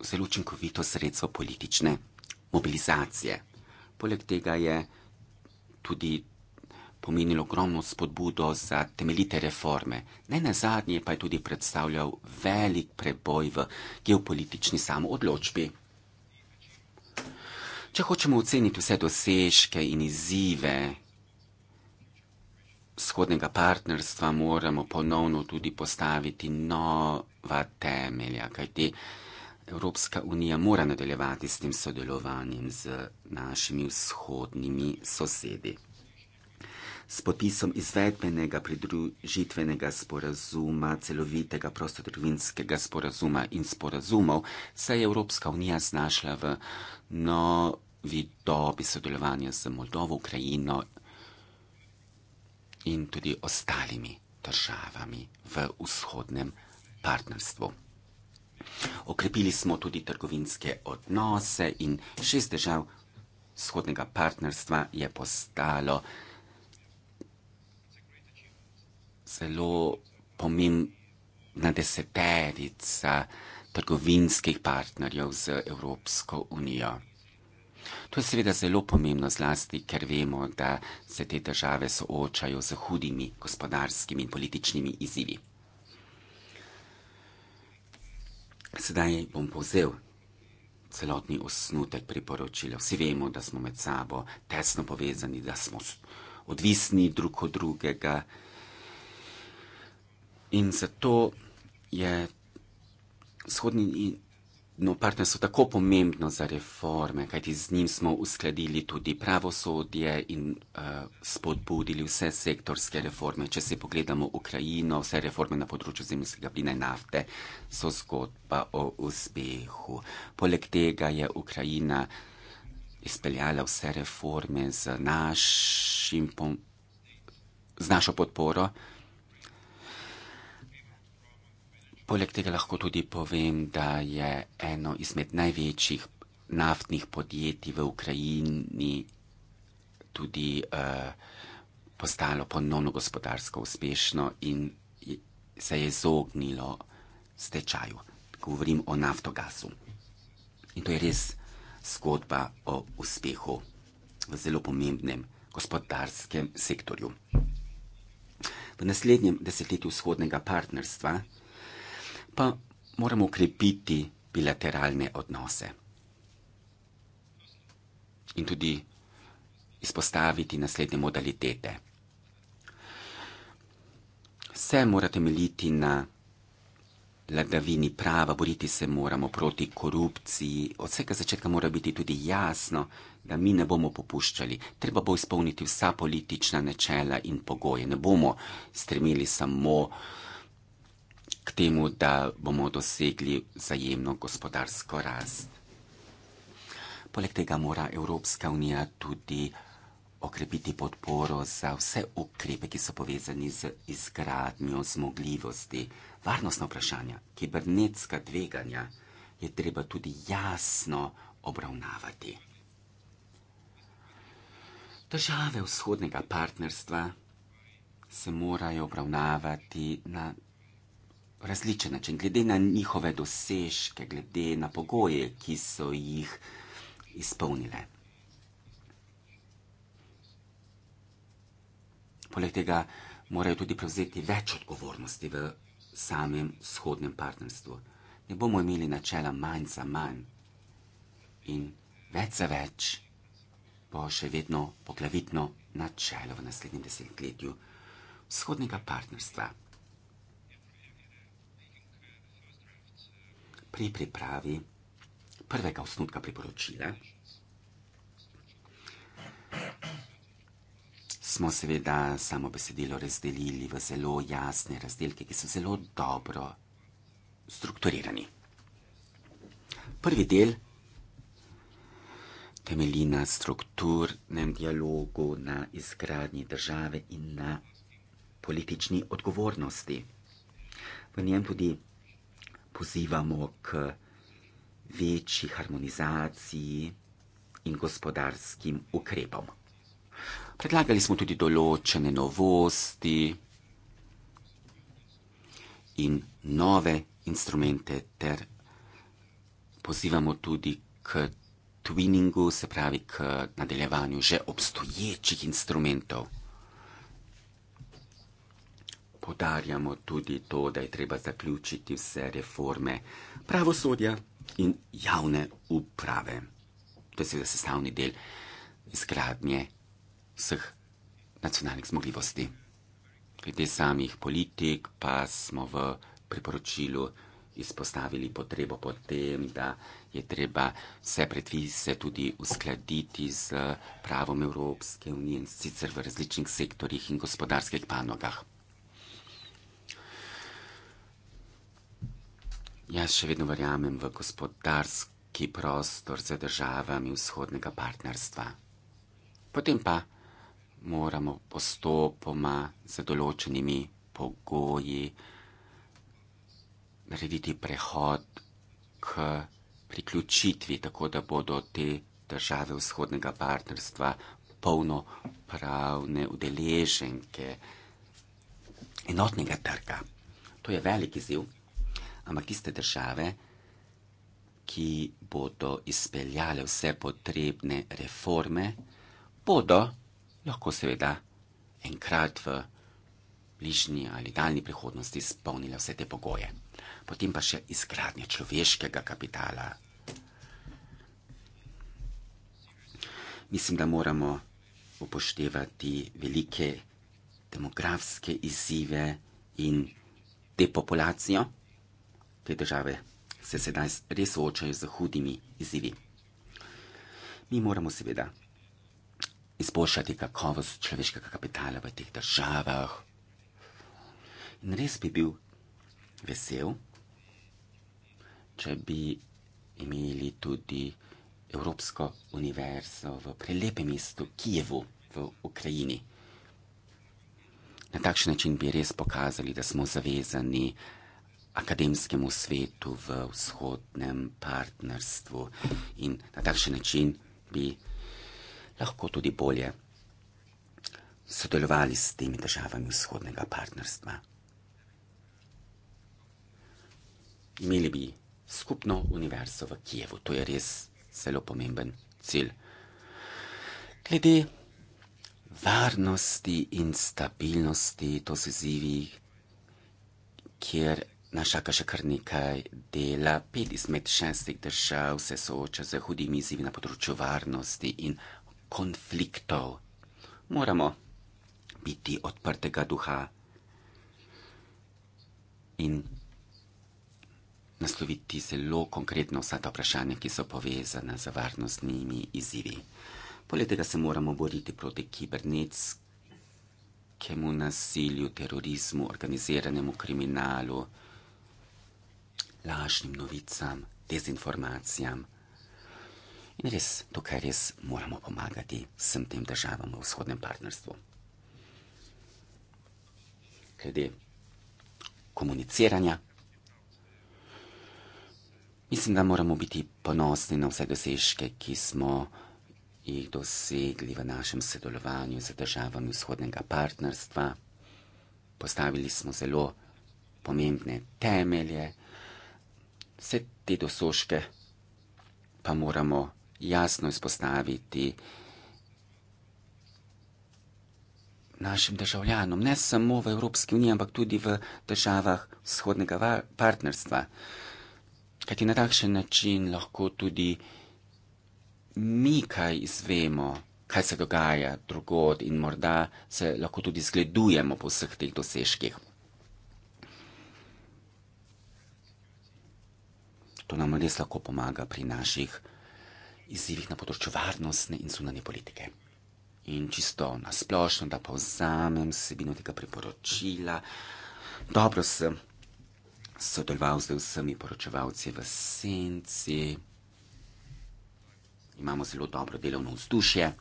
S3: zelo učinkovito sredstvo politične mobilizacije. Poleg tega je tudi pomenilo ogromno spodbudo za temeljite reforme. Ne na zadnje pa je tudi predstavljal velik preboj v geopolitični samoodločbi. Če hočemo oceniti vse dosežke in izzive vzhodnega partnerstva, moramo ponovno tudi postaviti nova temelja, kajti Evropska unija mora nadaljevati s tem sodelovanjem z našimi vzhodnimi sosedi. S podpisom izvedbenega pridružitvenega sporazuma, celovitega prostotrgovinskega sporazuma in sporazumov se je Evropska unija znašla v novi dobi sodelovanja z Moldovo, Ukrajino in tudi ostalimi državami v vzhodnem partnerstvu. Okrepili smo tudi trgovinske odnose in šest držav vzhodnega partnerstva je postalo zelo pomembna deseterica trgovinskih partnerjev z Evropsko unijo. To je seveda zelo pomembno zlasti, ker vemo, da se te države soočajo z hudimi gospodarskimi in političnimi izzivi. Sedaj bom povzel celotni osnutek priporočila. Vsi vemo, da smo med sabo tesno povezani, da smo odvisni drug od drugega. In zato je shodni no, partnerstvo tako pomembno za reforme, kajti z njim smo uskladili tudi pravosodje in uh, spodbudili vse sektorske reforme. Če si pogledamo Ukrajino, vse reforme na področju zemljskega plina in nafte so zgodba o uspehu. Poleg tega je Ukrajina izpeljala vse reforme z, našim, z našo podporo. Poleg tega lahko tudi povem, da je eno izmed največjih naftnih podjetij v Ukrajini tudi uh, postalo ponovno gospodarsko uspešno in se je izognilo stečaju. Govorim o naftogasu. In to je res zgodba o uspehu v zelo pomembnem gospodarskem sektorju. V naslednjem desetletju vzhodnega partnerstva pa moramo ukrepiti bilateralne odnose. In tudi izpostaviti naslednje modalitete. Vse mora temeljiti na vladavini prava, boriti se moramo proti korupciji. Od vsega začetka mora biti tudi jasno, da mi ne bomo popuščali. Treba bo izpolniti vsa politična načela in pogoje. Ne bomo stremili samo uh, k temu, da bomo dosegli zajemno gospodarsko rast. Poleg tega mora Evropska unija tudi okrepiti podporo za vse ukrepe, ki so povezani z izgradnjo zmogljivosti, varnostna vprašanja, kibernetska tveganja, je treba tudi jasno obravnavati. Države vzhodnega partnerstva se morajo obravnavati na različen način, glede na njihove dosežke, glede na pogoje, ki so jih izpolnile. Poleg tega morajo tudi prevzeti več odgovornosti v samem shodnem partnerstvu. Ne bomo imeli načela manj za manj in več za več bo še vedno poglavitno načelo v naslednjem desetletju shodnega partnerstva. pri pripravi prvega osnutka priporočila smo seveda samo besedilo razdelili v zelo jasne razdelke, ki so zelo dobro strukturirani. Prvi del temelji na strukturnem dialogu, na izgradnji države in na politični odgovornosti. V njem tudi pozivamo k večji harmonizaciji in gospodarskim ukrepom. Predlagali smo tudi določene novosti in nove instrumente, ter pozivamo tudi k twiningu, se pravi k nadaljevanju že obstoječih instrumentov podarjamo tudi to, da je treba zaključiti vse reforme pravosodja in javne uprave. To je seveda sestavni del izgradnje vseh nacionalnih zmogljivosti. Glede samih politik pa smo v priporočilu izpostavili potrebo po tem, da je treba vse predvise tudi uskladiti z pravom Evropske unije in sicer v različnih sektorjih in gospodarskih panogah. Jaz še vedno verjamem v gospodarski prostor za državami vzhodnega partnerstva. Potem pa moramo postopoma za določenimi pogoji narediti prehod k priključitvi, tako da bodo te države vzhodnega partnerstva polnopravne udeleženke enotnega trga. To je velik izziv ampak tiste države, ki bodo izpeljale vse potrebne reforme, bodo lahko seveda enkrat v bližnji ali daljni prihodnosti izpolnile vse te pogoje. Potem pa še izgradnja človeškega kapitala. Mislim, da moramo upoštevati velike demografske izzive in depopulacijo. Te države se sedaj res soočajo z hudimi izzivi. Mi moramo seveda izboljšati kakovost človeškega kapitala v teh državah. In res bi bil vesel, če bi imeli tudi Evropsko univerzo v prelepem mestu Kijevu v Ukrajini. Na takšen način bi res pokazali, da smo zavezani akademskemu svetu, v vzhodnem partnerstvu in na takšen način bi lahko tudi bolje sodelovali s temi državami vzhodnega partnerstva. Imeli bi skupno univerzo v Kijevu, to je res zelo pomemben cilj. Glede varnosti in stabilnosti, to so izzivi, kjer Naša ka še kar nekaj dela, pet izmed šestih držav se sooča z hudimi izzivi na področju varnosti in konfliktov. Moramo biti odprtega duha in nasloviti zelo konkretno vsa ta vprašanja, ki so povezana z varnostnimi izzivi. Poleg tega se moramo boriti proti kibernetskemu nasilju, terorizmu, organiziranemu kriminalu lažnim novicam, dezinformacijam. In res, tukaj res moramo pomagati vsem tem državam v vzhodnem partnerstvu. Glede komuniciranja. Mislim, da moramo biti ponosni na vse dosežke, ki smo jih dosegli v našem sodelovanju z državami vzhodnega partnerstva. Postavili smo zelo pomembne temelje vse te dosežke pa moramo jasno izpostaviti našim državljanom, ne samo v Evropski uniji, ampak tudi v državah vzhodnega partnerstva. Kajti na takšen način lahko tudi mi kaj izvemo, kaj se dogaja drugod in morda se lahko tudi zgledujemo po vseh teh dosežkih. To nam res lahko pomaga pri naših izzivih na področju varnostne in zunanje politike. In čisto na splošno, da povzamem sebino tega priporočila. Dobro sem sodeloval z vsemi poročevalci v senci. Imamo zelo dobro delovno vzdušje.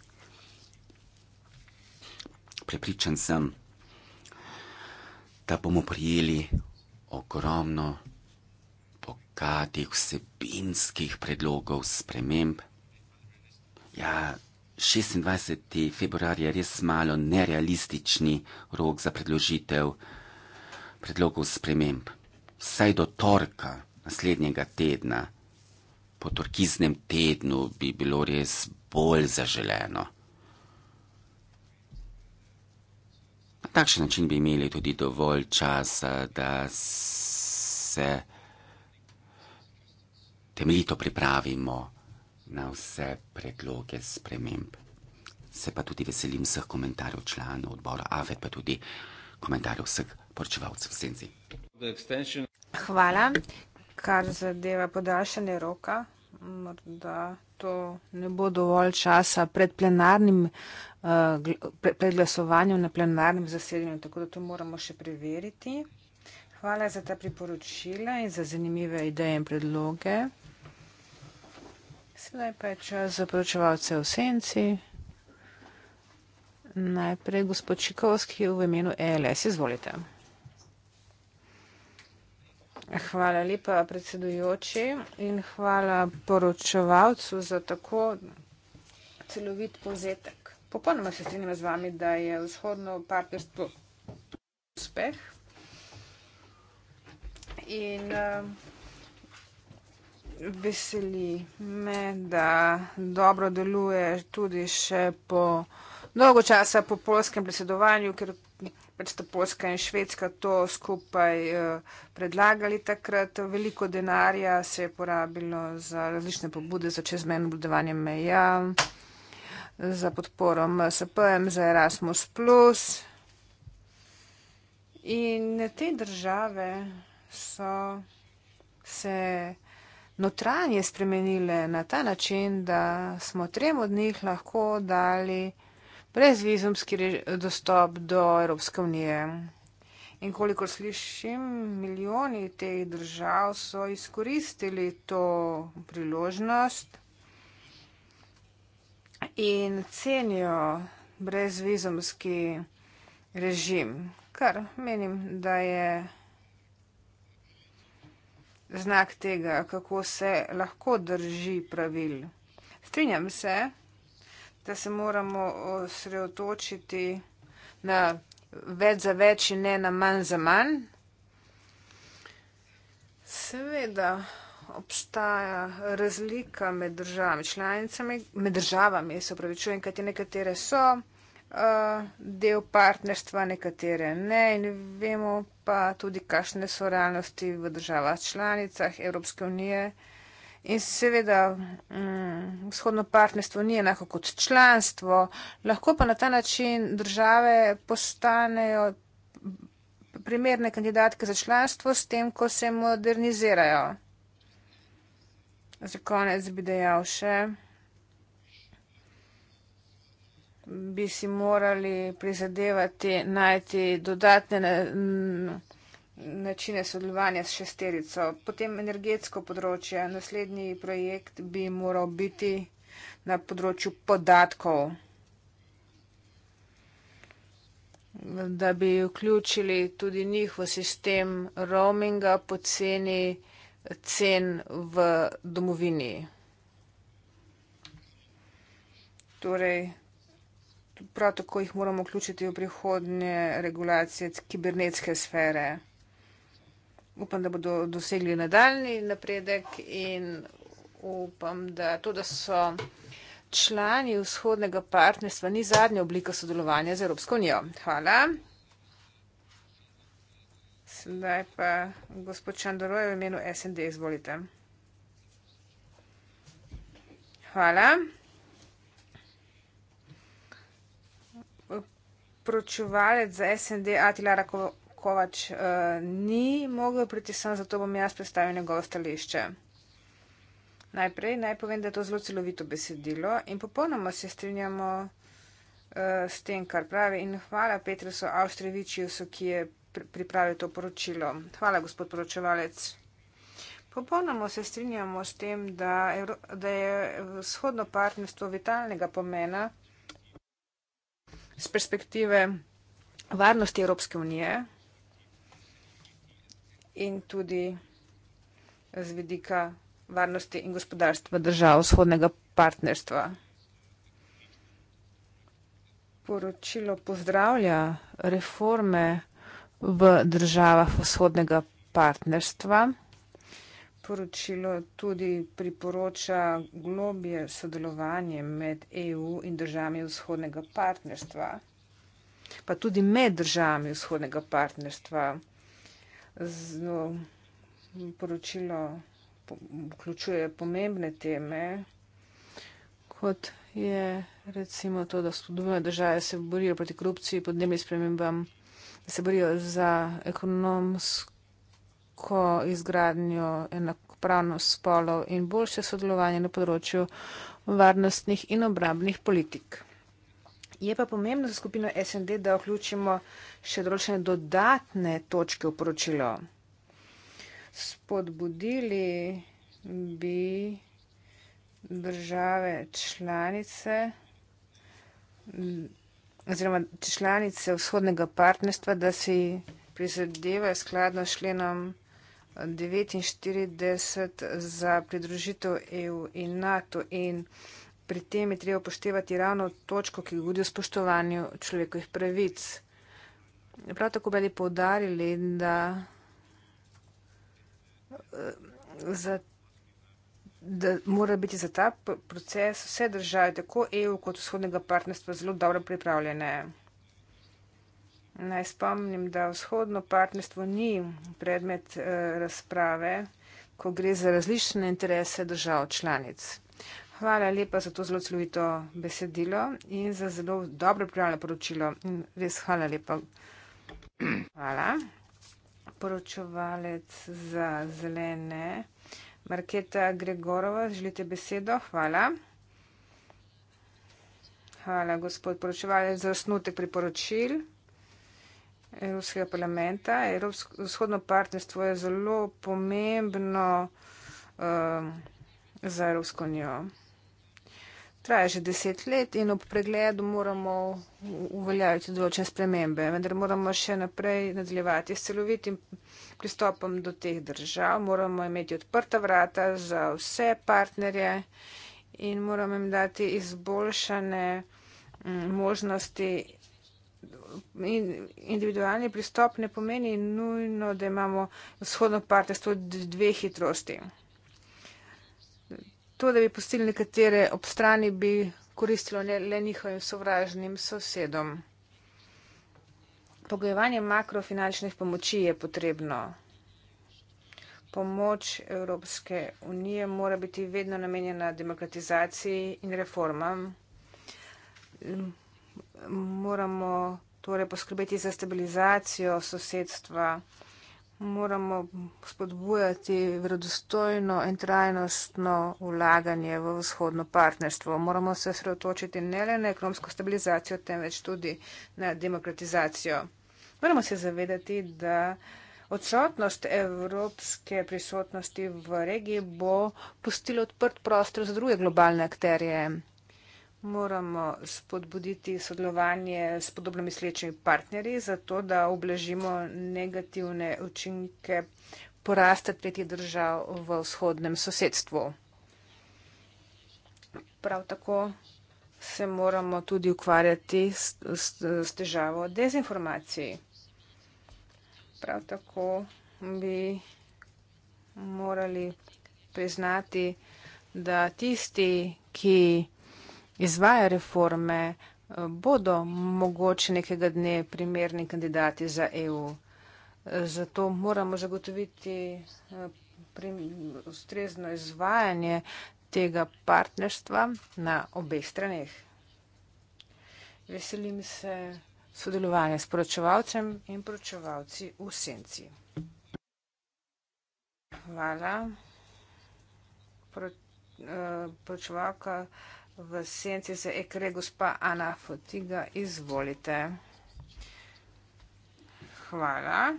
S3: Prepričan sem, da bomo prijeli ogromno iskatih vsebinskih predlogov sprememb. Ja, 26. februar je res malo nerealistični rok za predložitev predlogov sprememb. Vsaj do torka naslednjega tedna, po torkiznem tednu, bi bilo res bolj zaželeno. Na takšen način bi imeli tudi dovolj časa, da se temeljito pripravimo na vse predloge sprememb. Se pa tudi veselim vseh komentarjev članov odbora AFED, pa tudi komentarjev vseh poročevalcev v Senci.
S2: Hvala. Kar zadeva podaljšanje roka, morda to ne bo dovolj časa pred plenarnim, eh, pred glasovanjem na plenarnem zasedanju, tako da to moramo še preveriti. Hvala za ta priporočila in za zanimive ideje in predloge. Sedaj pa je čas za poročevalce v senci. Najprej gospod Čikovski v imenu ELS, izvolite. Hvala lepa predsedujoči in hvala poročevalcu za tako celovit povzetek. Popolnoma se strinjam z vami, da je vzhodno partnerstvo uspeh. In uh, veseli me, da dobro deluje tudi še po dolgo časa po polskem predsedovanju, ker pač sta Polska in Švedska to skupaj eh, predlagali takrat. Veliko denarja se je porabilo za različne pobude, za čezmeno obladovanje meja, za podporo MSP-em, za Erasmus. In te države so se notranje spremenile na ta način, da smo trem od njih lahko dali brezvizumski dostop do Evropske unije. In kolikor slišim, milijoni teh držav so izkoristili to priložnost in cenijo brezvizumski režim, kar menim, da je znak tega, kako se lahko drži pravil. Strinjam se, da se moramo osredotočiti na več za več in ne na manj za manj. Seveda obstaja razlika med državami, članicami, med državami, se upravičujem, kajti nekatere so del partnerstva, nekatere ne in vemo pa tudi, kakšne so realnosti v državah članicah Evropske unije. In seveda mm, vzhodno partnerstvo ni enako kot članstvo, lahko pa na ta način države postanejo primerne kandidatke za članstvo s tem, ko se modernizirajo. Za konec bi dejal še bi si morali prizadevati najti dodatne načine sodelovanja s šesterico. Potem energetsko področje. Naslednji projekt bi moral biti na področju podatkov, da bi vključili tudi njih v sistem roaminga po ceni cen v domovini. Torej, prav tako jih moramo vključiti v prihodnje regulacije kibernetske sfere. Upam, da bodo dosegli nadaljni napredek in upam, da to, da so člani vzhodnega partnerstva, ni zadnja oblika sodelovanja z Evropsko unijo. Hvala. Sedaj pa gospod Čandorov v imenu SND, izvolite. Hvala. poročevalec za SND Atila Rakovač uh, eh, ni mogel priti sam, zato bom jaz predstavil njegovo stališče. Najprej naj povem, da je to zelo celovito besedilo in popolnoma se strinjamo uh, s tem, kar pravi. In hvala Petrusu Avstrevičiusu, ki je pripravil to poročilo. Hvala, gospod poročevalec. Popolnoma se strinjamo s tem, da, da je vzhodno partnerstvo vitalnega pomena iz perspektive varnosti Evropske unije in tudi z vidika varnosti in gospodarstva držav vzhodnega partnerstva. Poročilo pozdravlja reforme v državah vzhodnega partnerstva poročilo tudi priporoča globje sodelovanje med EU in državami vzhodnega partnerstva, pa tudi med državami vzhodnega partnerstva. Zno, poročilo vključuje pomembne teme, kot je recimo to, da sodobne države se borijo proti korupciji, podnebnim spremembam, da se borijo za ekonomsko enako izgradnjo enakopravnost spolov in boljše sodelovanje na področju varnostnih in obrambnih politik. Je pa pomembno za skupino SND, da vključimo še določene dodatne točke v poročilo. Spodbudili bi države članice oziroma članice vzhodnega partnerstva, da si prizadevajo skladno s členom 49 za pridružitev EU in NATO in pri tem je treba upoštevati ravno točko, ki govori o spoštovanju človekovih pravic. Prav tako bi poudarili, da eh, za da mora biti za ta proces vse države, tako EU kot vzhodnega partnerstva, zelo dobro pripravljene. Naj spomnim, da vzhodno partnerstvo ni predmet eh, razprave, ko gre za različne interese držav članic. Hvala lepa za to zelo celovito besedilo in za zelo dobro pripravljeno poročilo. In res hvala lepa. Hvala. Poročevalec za zelene. Marketa Gregorova, želite besedo? Hvala. Hvala, gospod poročevalec, za osnutek priporočil. Evropskega parlamenta. Evropsko vzhodno partnerstvo je zelo pomembno um, za Evropsko unijo. Traja že deset let in ob pregledu moramo uveljaviti določene spremembe, vendar moramo še naprej nadaljevati s celovitim pristopom do teh držav. Moramo imeti odprta vrata za vse partnerje in moramo jim dati izboljšane mm, možnosti individualni pristop ne pomeni nujno, da imamo vzhodno partnerstvo dve hitrosti. To, da bi postili nekatere ob strani, bi koristilo le njihovim sovražnim sosedom. Pogojevanje makrofinančnih pomoči je potrebno. Pomoč Evropske unije mora biti vedno namenjena demokratizaciji in reformam. Moramo torej poskrbeti za stabilizacijo sosedstva. Moramo spodbujati vredostojno in trajnostno ulaganje v vzhodno partnerstvo. Moramo se sredotočiti ne le na ekonomsko stabilizacijo, temveč tudi na demokratizacijo. Moramo se zavedati, da odsotnost evropske prisotnosti v regiji bo pustila odprt prostor za druge globalne akterje moramo spodbuditi sodelovanje s podobno mislečimi partnerji, zato da oblažimo negativne učinke porasta tretjih držav v vzhodnem sosedstvu. Prav tako se moramo tudi ukvarjati s, s, s težavo dezinformacij. Prav tako bi morali priznati, da tisti, ki izvaja reforme, eh, bodo mogoče nekega dne primerni kandidati za EU. Eh, zato moramo zagotoviti eh, ustrezno izvajanje tega partnerstva na obeh straneh. Veselim se sodelovanja s poročevalcem in poročevalci v senci. Hvala. Poročevalka. Pro, uh, V senci se je kre gospa Ana Fotiga, izvolite. Hvala.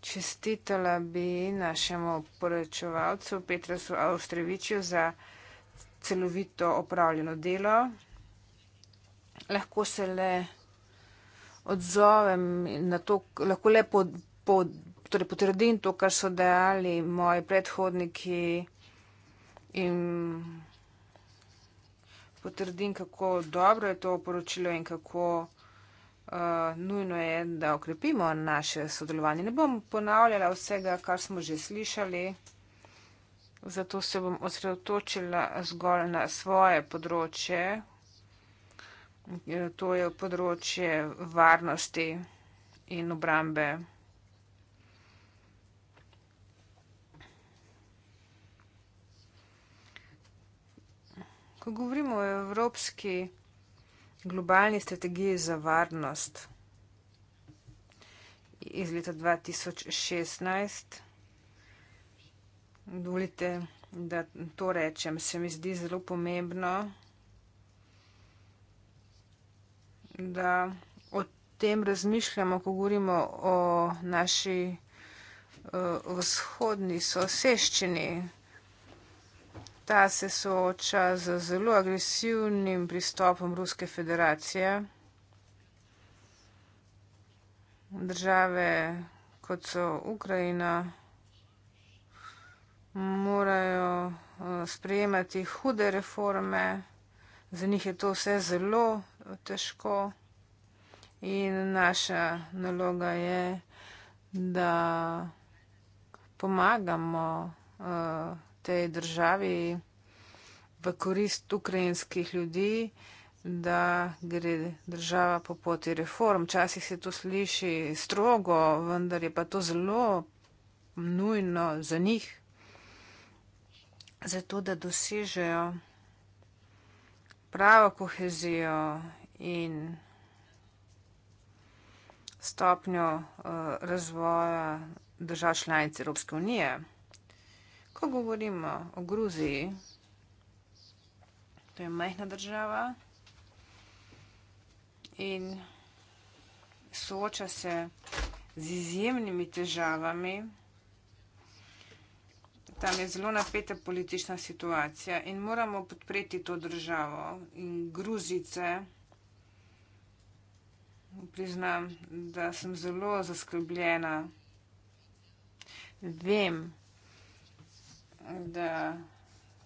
S2: Čestitala bi našemu poročevalcu Petrasu Avstreviču za celovito opravljeno delo. Lahko se le odzovem na to, lahko le pod, pod, torej potrdim to, kar so dejali moji predhodniki in potrdim, kako dobro je to poročilo in kako uh, nujno je, da okrepimo naše sodelovanje. Ne bom ponavljala vsega, kar smo že slišali, zato se bom osredotočila zgolj na svoje področje. To je področje varnosti in obrambe. ko govorimo o evropski globalni strategiji za varnost iz leta 2016, dovolite, da to rečem, se mi zdi zelo pomembno, da o tem razmišljamo, ko govorimo o naši eh, vzhodni soseščini. Ta se sooča z zelo agresivnim pristopom Ruske federacije. Države, kot so Ukrajina, morajo eh, sprejemati hude reforme, za njih je to vse zelo eh, težko in naša naloga je, da pomagamo. Eh, tej državi v korist ukrajinskih ljudi, da gre država po poti reform. Včasih se to sliši strogo, vendar je pa to zelo nujno za njih, zato da dosežejo pravo kohezijo in stopnjo uh, razvoja držav članic Evropske unije. Ko govorimo o Gruziji, to je majhna država in sooča se z izjemnimi težavami. Tam je zelo napeta politična situacija in moramo podpreti to državo in Gruzice. Priznam, da sem zelo zaskrbljena. Vem, da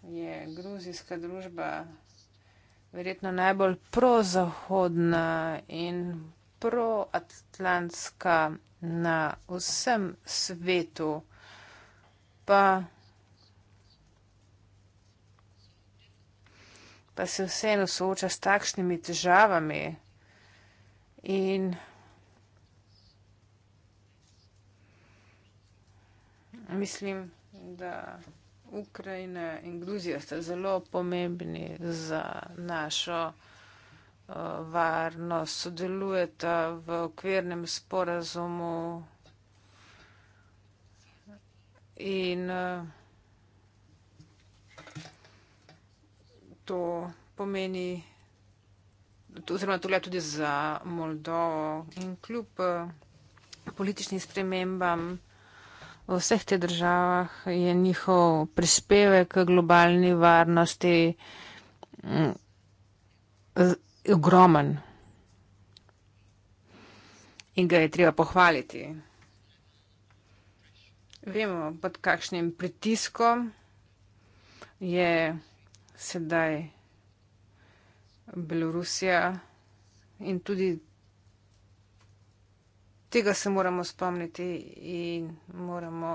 S2: je gruzijska družba verjetno najbolj prozahodna in proatlantska na vsem svetu, pa, pa se vseeno sooča s takšnimi težavami in mislim, da Ukrajina in Gruzija sta zelo pomembni za našo eh, varnost. Sodelujeta v okvirnem sporazumu in eh, to pomeni, oziroma to gleda tudi za Moldovo in kljub eh, političnim spremembam v vseh teh državah je njihov prispevek k globalni varnosti mm, ogromen in ga je treba pohvaliti. Vemo, pod kakšnim pritiskom je sedaj Belorusija in tudi tega se moramo spomniti in moramo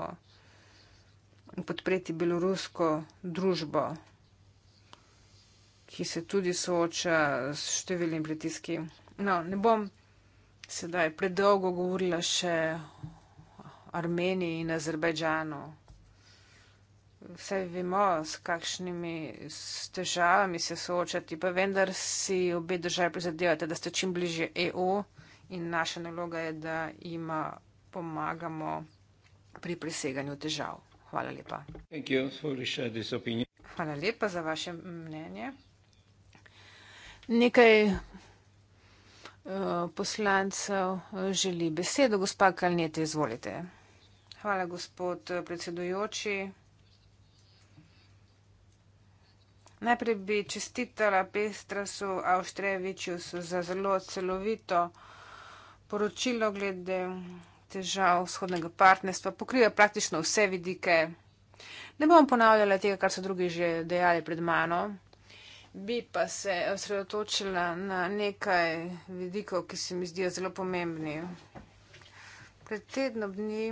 S2: podpreti belorusko družbo, ki se tudi sooča s številnimi pritiski. No, ne bom sedaj predolgo govorila še o Armeniji in Azerbajdžanu. Vse vemo, s kakšnimi težavami se soočati, pa vendar si obe države prizadevate, da ste čim bližje EU in naša naloga je, da jim pomagamo pri preseganju težav. Hvala lepa.
S3: Uh,
S2: Hvala lepa za vaše mnenje. Nekaj uh, poslancev uh, želi besedo. Gospa Kalnete, izvolite. Hvala, gospod predsedujoči. Najprej bi čestitala Pestrasu Avštreviču za zelo celovito vprašanje poročilo glede težav vzhodnega partnerstva pokriva praktično vse vidike. Ne bom ponavljala tega, kar so drugi že dejali pred mano, bi pa se osredotočila na nekaj vidikov, ki se mi zdijo zelo pomembni. Pred tednom dni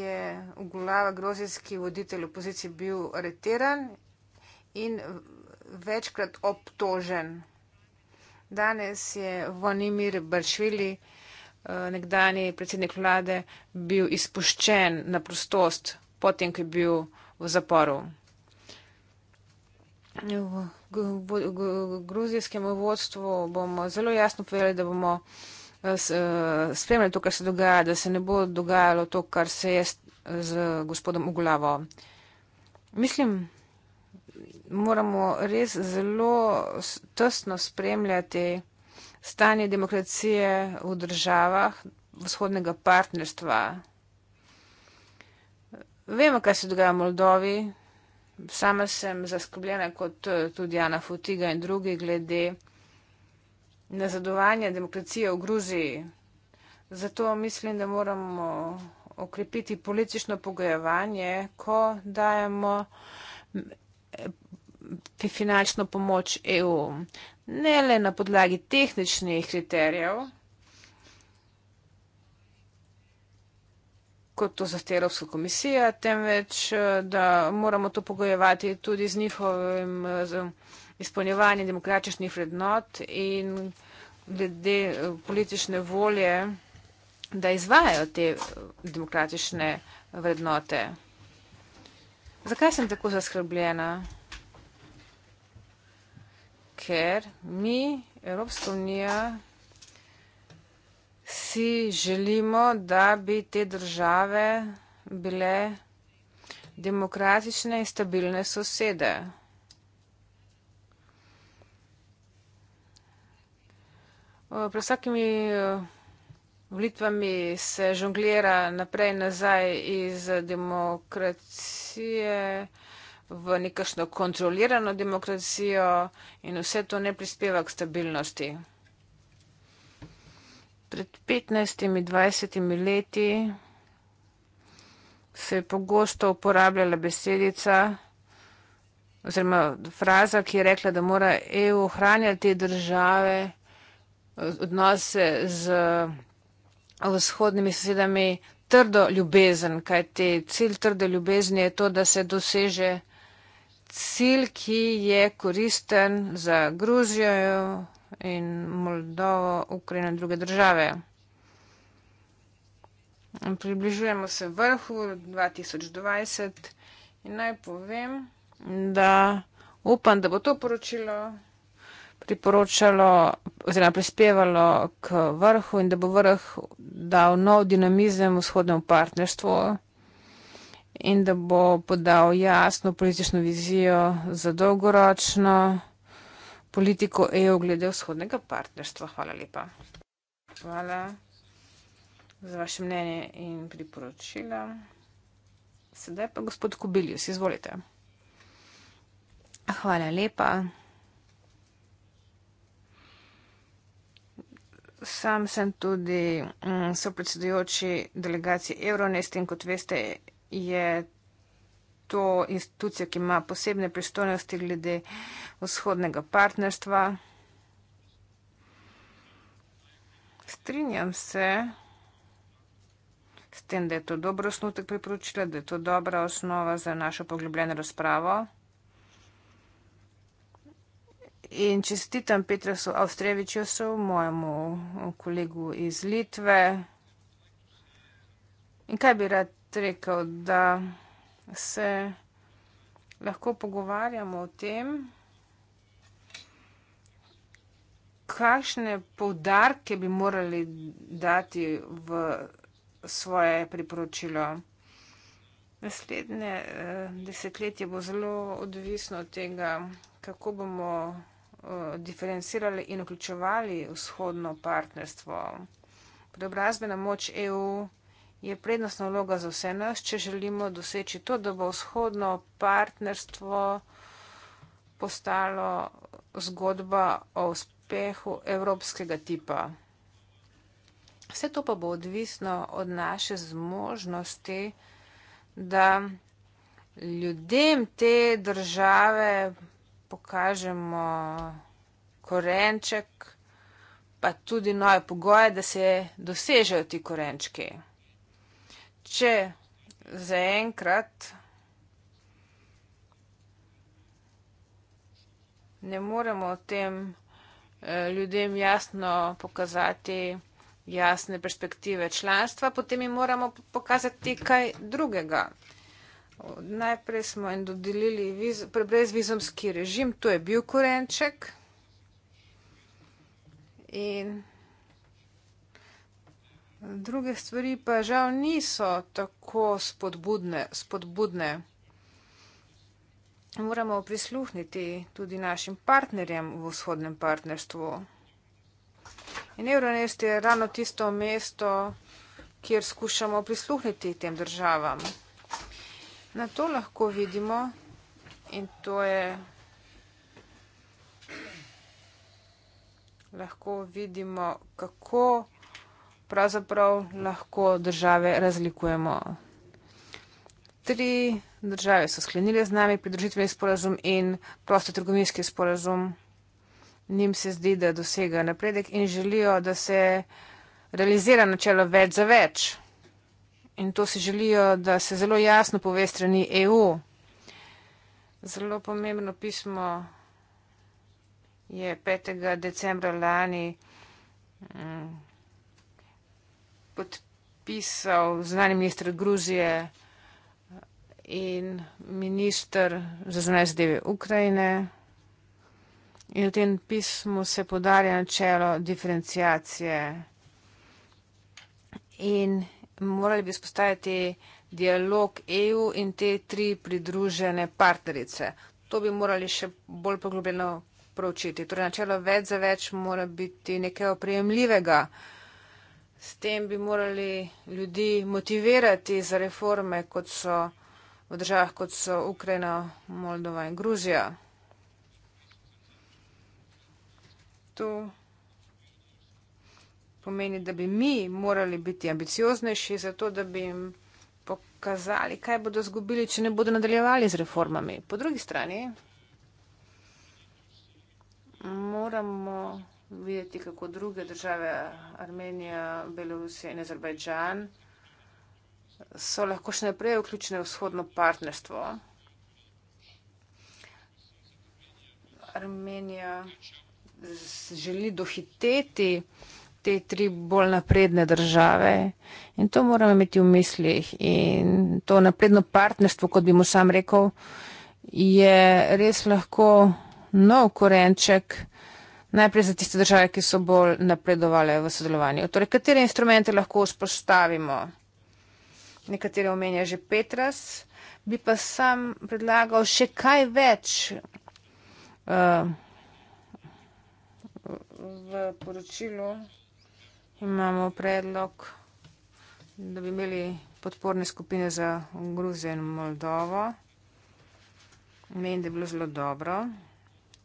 S2: je Ugulava, grozijski voditelj opozicije, bil areteran in večkrat obtožen. Danes je Vonimir Bršvili. Eh, nekdani predsednik vlade bil izpuščen na prostost potem, ko je bil v zaporu. V gruzijskem vodstvu bomo zelo jasno povedali, da bomo eh, eh, spremljali to, kar se dogaja, da se ne bo dogajalo to, kar se je z gospodom Uglavo. Mislim, moramo res zelo tesno spremljati stanje demokracije v državah vzhodnega partnerstva. Vemo, kaj se dogaja v Moldovi. Sama sem zaskrbljena, kot eh, tudi Jana Futiga in drugi, glede nazadovanja demokracije v Gruziji. Zato mislim, da moramo okrepiti politično pogojevanje, ko dajemo dati finančno pomoč EU, ne le na podlagi tehničnih kriterijev, kot to zahteva Evropska komisija, temveč, eh, da moramo to pogojevati tudi z njihovim eh, izpolnjevanjem demokratičnih vrednot in glede eh, politične volje, da izvajajo te demokratične vrednote. Zakaj sem tako zaskrbljena? ker mi, Evropska unija, si želimo, da bi te države bile demokratične in stabilne sosede. Pred vsakimi eh, volitvami se žonglira naprej in nazaj iz demokracije v nekakšno kontrolirano demokracijo in vse to ne prispeva k stabilnosti. Pred 15-20 leti se je pogosto uporabljala besedica oziroma fraza, ki je rekla, da mora EU ohranjati države odnose z vzhodnimi sosedami trdo ljubezen, kajti cilj trde ljubezni je to, da se doseže cilj, ki je koristen za Gruzijo in Moldovo, Ukrajino in druge države. Približujemo se vrhu 2020 in naj povem, da upam, da bo to poročilo priporočalo oziroma prispevalo k vrhu in da bo vrh dal nov dinamizem vzhodnemu partnerstvu in da bo podal jasno politično vizijo za dolgoročno politiko EU glede vzhodnega partnerstva. Hvala lepa. Hvala za vaše mnenje in priporočila. Sedaj pa gospod Kubilius, izvolite. Hvala lepa. Sam sem tudi mm, sopredsedujoči delegaciji Euronest in kot veste, je to institucija, ki ima posebne pristojnosti glede vzhodnega partnerstva. Strinjam se s tem, da je to dobro osnutek priporočila, da je to dobra osnova za našo poglobljeno razpravo. In čestitam Petrasu Avstrevičusu, mojemu kolegu iz Litve. In kaj bi rad rekel, da se lahko pogovarjamo o tem, kakšne povdarke bi morali dati v svoje priporočilo. Naslednje eh, desetletje bo zelo odvisno od tega, kako bomo eh, diferencirali in vključevali vzhodno partnerstvo. Preobrazbena moč EU je prednostna vloga za vse nas, če želimo doseči to, da bo vzhodno partnerstvo postalo zgodba o uspehu evropskega tipa. Vse to pa bo odvisno od naše zmožnosti, da ljudem te države pokažemo korenček, pa tudi nove pogoje, da se dosežejo ti korenčki. Če zaenkrat ne moremo tem eh, ljudem jasno pokazati jasne perspektive članstva, potem jim moramo pokazati kaj drugega. Najprej smo jim dodelili viz, brezvizumski režim, to je bil korenček. In Druge stvari pa žal niso tako spodbudne. spodbudne. Moramo prisluhniti tudi našim partnerjem v vzhodnem partnerstvu. In Euronest je ravno tisto mesto, kjer skušamo prisluhniti tem državam. Na to lahko vidimo in to je. Lahko vidimo, kako pravzaprav lahko države razlikujemo. Tri države so sklenile z nami pridružitveni sporazum in prostotrgovinski sporazum. Njim se zdi, da dosega napredek in želijo, da se realizira načelo več za več. In to si želijo, da se zelo jasno pove strani EU. Zelo pomembno pismo je 5. decembra lani mm, podpisal znani minister Gruzije in minister za znane zadeve Ukrajine. In v tem pismu se podarja načelo diferencijacije. In morali bi spostaviti dialog EU in te tri pridružene partnerice. To bi morali še bolj poglobljeno pročiti. Torej, načelo več za več mora biti nekaj oprijemljivega. S tem bi morali ljudi motivirati za reforme kot so v državah, kot so Ukrajina, Moldova in Gruzija. To pomeni, da bi mi morali biti ambicioznejši za to, da bi jim pokazali, kaj bodo zgubili, če ne bodo nadaljevali z reformami. Po drugi strani moramo videti, kako druge države, Armenija, Belorusija in Azerbajdžan, so lahko še naprej vključene v vzhodno partnerstvo. Armenija želi dohiteti te tri bolj napredne države in to moramo imeti v mislih. In to napredno partnerstvo, kot bi mu sam rekel, je res lahko nov korenček najprej za tiste države, ki so bolj napredovale v sodelovanju. Torej, katere instrumente lahko vzpostavimo? Nekatere omenja že Petras, bi pa sam predlagal še kaj več uh, v poročilu. Imamo predlog, da bi imeli podporne skupine za Gruzijo in Moldovo. Menim, da je bilo zelo dobro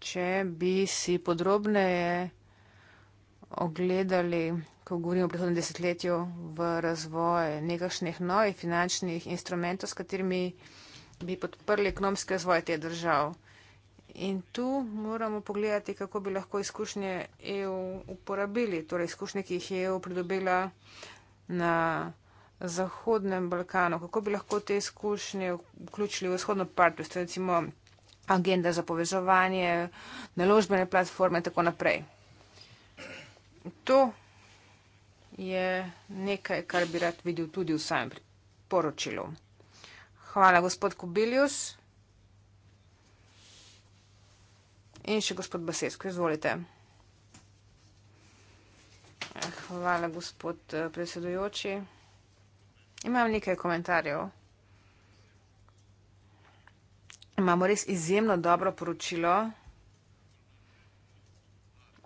S2: če bi si podrobneje ogledali, ko govorimo o prihodnem desetletju, v razvoj nekakšnih novih finančnih instrumentov, s katerimi bi podprli ekonomski razvoj teh držav. In tu moramo pogledati, kako bi lahko izkušnje EU uporabili, torej izkušnje, ki jih je EU pridobila na Zahodnem Balkanu, kako bi lahko te izkušnje vključili v vzhodno partnerstvo, recimo agenda za povezovanje, naložbene platforme in tako naprej. To je nekaj, kar bi rad videl tudi v samem poročilu. Hvala, gospod Kubilius. In še gospod Basesko, izvolite. Hvala, gospod eh, predsedujoči. Imam nekaj komentarjev imamo res izjemno dobro poročilo.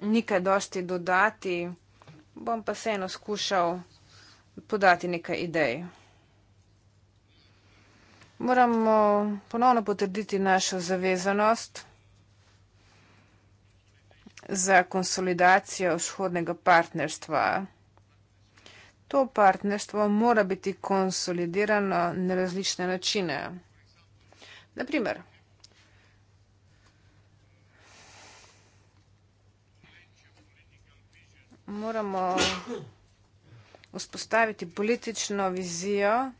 S2: Nikaj dosti dodati, bom pa vseeno skušal podati nekaj idej. Moramo ponovno potrditi našo zavezanost za konsolidacijo vzhodnega partnerstva. To partnerstvo mora biti konsolidirano na različne načine. Например, moramo vzpostaviti politično vizijo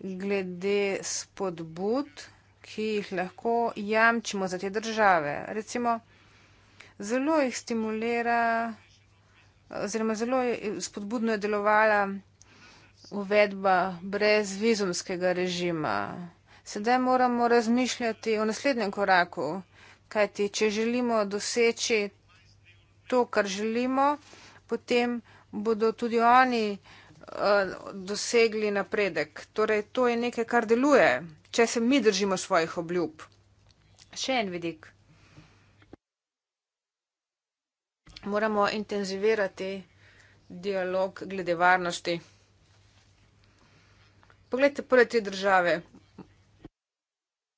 S2: glede spodbud, ki jih lahko jamčimo za te države. Recimo, zelo jih stimulira oziroma zelo spodbudno je delovala uvedba brez vizumskega režima. Sedaj moramo razmišljati o naslednjem koraku, kajti če želimo doseči to, kar želimo, potem bodo tudi oni eh, dosegli napredek. Torej, to je nekaj, kar deluje, če se mi držimo svojih obljub. Še en vidik. Moramo intenzivirati dialog glede varnosti. Poglejte prve tri države.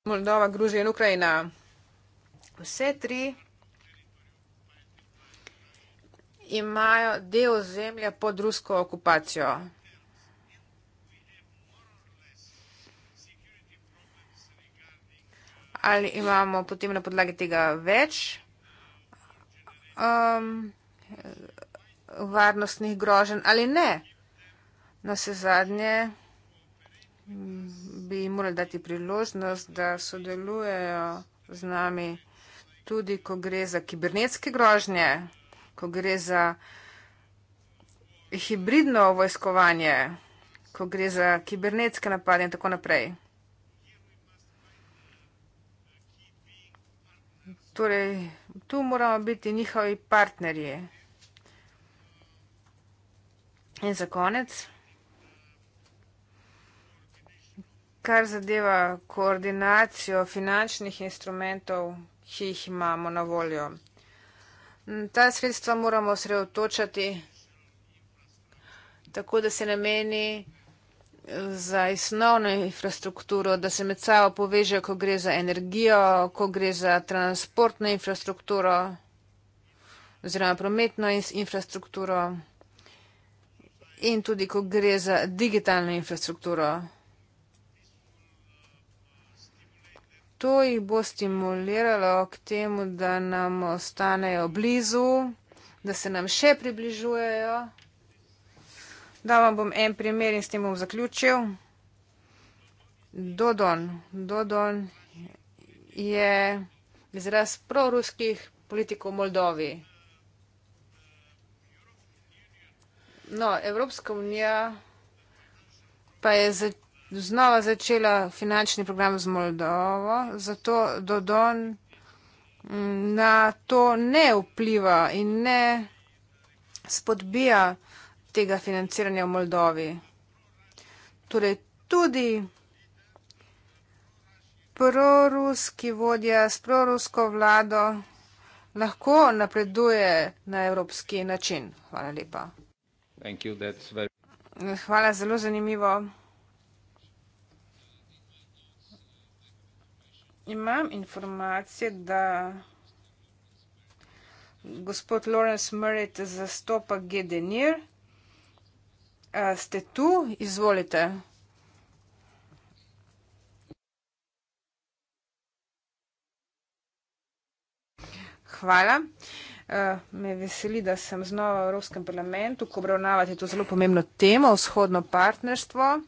S2: Moldova, Gruzija in Ukrajina. Vse tri imajo del zemlje pod rusko okupacijo. Ali imamo potem na podlagi tega več um, varnostnih groženj ali ne? Na se zadnje bi jim morali dati priložnost, da sodelujejo z nami tudi, ko gre za kibernetske grožnje, ko gre za hibridno vojskovanje, ko gre za kibernetske napade in tako naprej. Torej, tu moramo biti njihovi partnerji. In za konec. kar zadeva koordinacijo finančnih instrumentov, ki jih imamo na voljo. Mm, ta sredstva moramo sredotočati tako, da se nameni eh, za osnovno infrastrukturo, da se med sabo povežejo, ko gre za energijo, ko gre za transportno infrastrukturo oziroma prometno infrastrukturo in tudi, ko gre za digitalno infrastrukturo. to jih bo stimuliralo k temu, da nam ostanejo blizu, da se nam še približujejo. Da vam bom en primer in s tem bom zaključil. Dodon. Dodon je izraz proruskih politikov v Moldovi. No, Evropska unija pa je začela znova začela finančni program z Moldovo, zato Dodon mm, na to ne vpliva in ne spodbija tega financiranja v Moldovi. Torej tudi proruski vodja s prorusko vlado lahko napreduje na evropski način. Hvala lepa. Hvala, zelo zanimivo. imam informacije, da gospod Lawrence Murray zastopa Gedenir. Ste tu? Izvolite. Hvala. Me veseli, da sem znova v Evropskem parlamentu, ko obravnavate to zelo pomembno temo, vzhodno partnerstvo.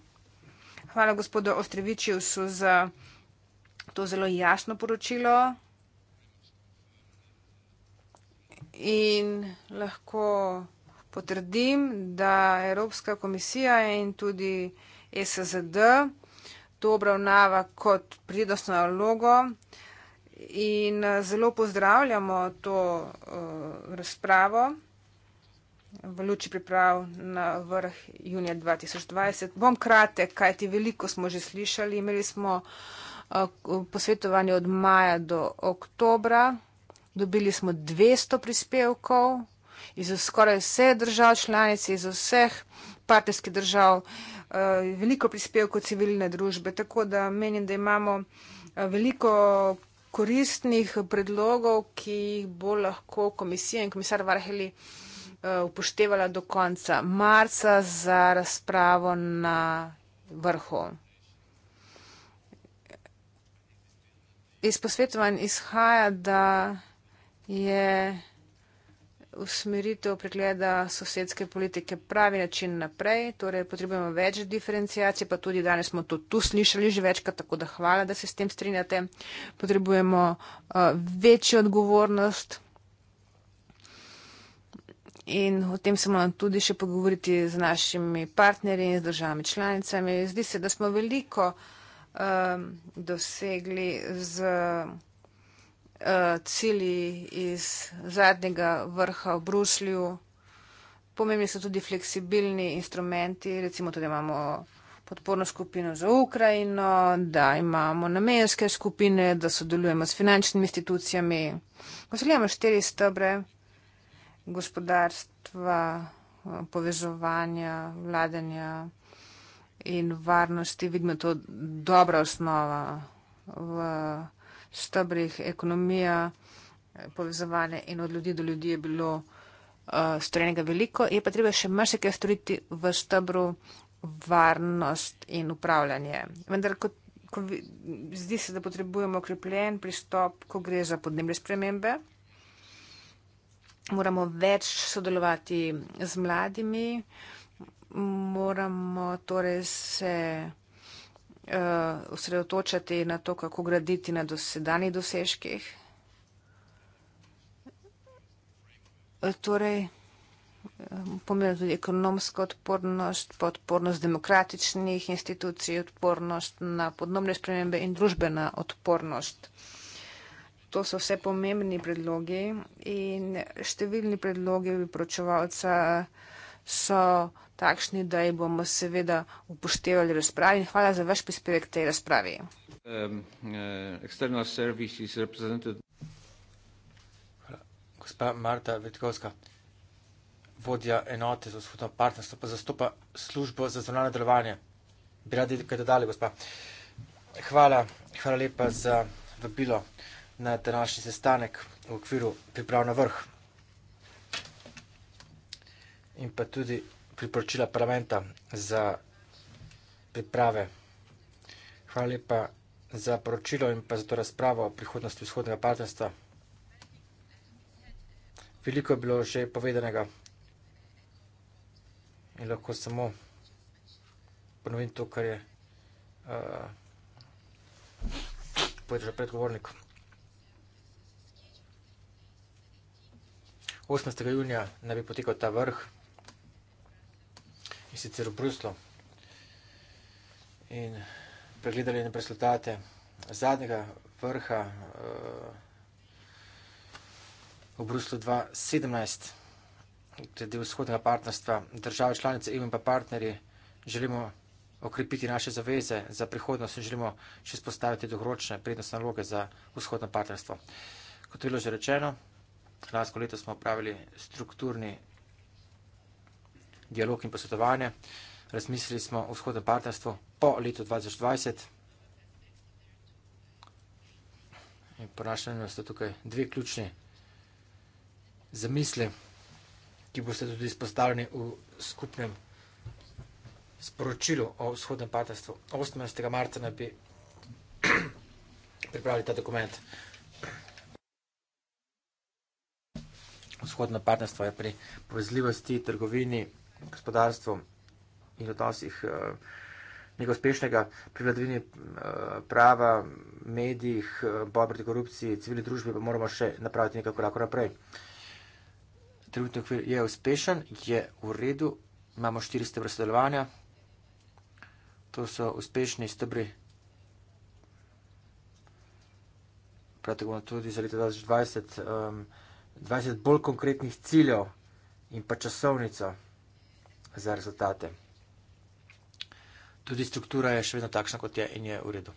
S2: Hvala gospodu Ostrevičiju za to zelo jasno poročilo in lahko potrdim, da Evropska komisija in tudi SZD to obravnava kot pridostno nalogo in eh, zelo pozdravljamo to uh, razpravo v luči priprav na vrh junija 2020. Bom kratek, kajti veliko smo že slišali. Imeli smo uh, Eh, posvetovanje od maja do oktobra. Dobili smo 200 prispevkov iz skoraj vseh držav članic, iz vseh partnerskih držav, eh, veliko prispevkov civilne družbe. Tako da menim, da imamo eh, veliko koristnih predlogov, ki jih bo lahko komisija in komisar Varheli upoštevala do konca marca za razpravo na vrhu. iz posvetovanj izhaja, da je usmeritev pregleda sosedske politike pravi način naprej, torej potrebujemo več diferencijacije, pa tudi danes smo to tu slišali že večkrat, tako da hvala, da se s tem strinjate. Potrebujemo uh, večjo odgovornost in o tem se moramo tudi še pogovoriti z našimi partnerji in z državami članicami. Zdi se, da smo veliko uh, um, dosegli z uh, cilji iz zadnjega vrha v Bruslju. Pomembni so tudi fleksibilni instrumenti, recimo tudi imamo podporno skupino za Ukrajino, da imamo namenske skupine, da sodelujemo s finančnimi institucijami. Poseljamo štiri stebre gospodarstva, povezovanja, vladanja in varnosti vidimo to dobra osnova v stabrih ekonomija, povezovanje in od ljudi do ljudi je bilo uh, storjenega veliko. Je pa treba še marsikaj storiti v stabru varnost in upravljanje. Vendar, ko, ko vi, zdi se, da potrebujemo okrepljen pristop, ko gre za podnebne spremembe, moramo več sodelovati z mladimi. Uh, moramo torej se eh, osredotočati uh, na to, kako graditi na dosedanjih dosežkih. Torej, eh, pomembno tudi ekonomsko odpornost, podpornost demokratičnih institucij, odpornost na podnobne spremembe in družbena odpornost. To so vse pomembni predlogi in številni predlogi priporočevalca uh, so takšni, da jih bomo seveda upoštevali v razpravi. Hvala za vaš prispevek tej razpravi. Um, uh,
S1: gospa Marta Vitkovska, vodja enote za vzhodno partnerstvo, pa zastopa službo za zvonane delovanje. Bi radi kaj dodali, gospa. Hvala, hvala lepa za vabilo na današnji sestanek v okviru priprav na vrh in pa tudi priporočila parlamenta za priprave. Hvala lepa za poročilo in pa za to razpravo o prihodnosti vzhodnega partnerstva. Veliko je bilo že povedanega in lahko samo ponovim to, kar je eh, povedal že predgovornik. 18. junija naj bi potekal ta vrh in sicer v Bruslu. In pregledali na rezultate zadnjega vrha uh, v Bruslu 2017, glede vzhodnega partnerstva države članice EU in pa partnerji, želimo okrepiti naše zaveze za prihodnost in želimo še spostaviti dolgoročne prednostne naloge za vzhodno partnerstvo. Kot je bilo že rečeno, lansko leto smo opravili strukturni dialog in posvetovanje. Razmislili smo o vzhodnem partnerstvu po letu 2020. In po našem mnenju so tukaj dve ključne zamisli, ki boste tudi izpostavljeni v skupnem sporočilu o vzhodnem partnerstvu. 18. marca naj bi pripravili ta dokument. Vzhodno partnerstvo je pri povezljivosti, trgovini, gospodarstvu in odnosih eh, nekaj uspešnega pri vladavini eh, prava, medijih, eh, boj proti korupciji, civilni družbi, pa moramo še napraviti nekaj korak naprej. Trenutni okvir je uspešen, je v redu, imamo štiri stebre sodelovanja, to so uspešni stebri, prav tako bomo tudi za leto 2020, um, 20 bolj konkretnih ciljev in pa časovnico za rezultate. Tudi struktura je še vedno takšna, kot je in je v redu.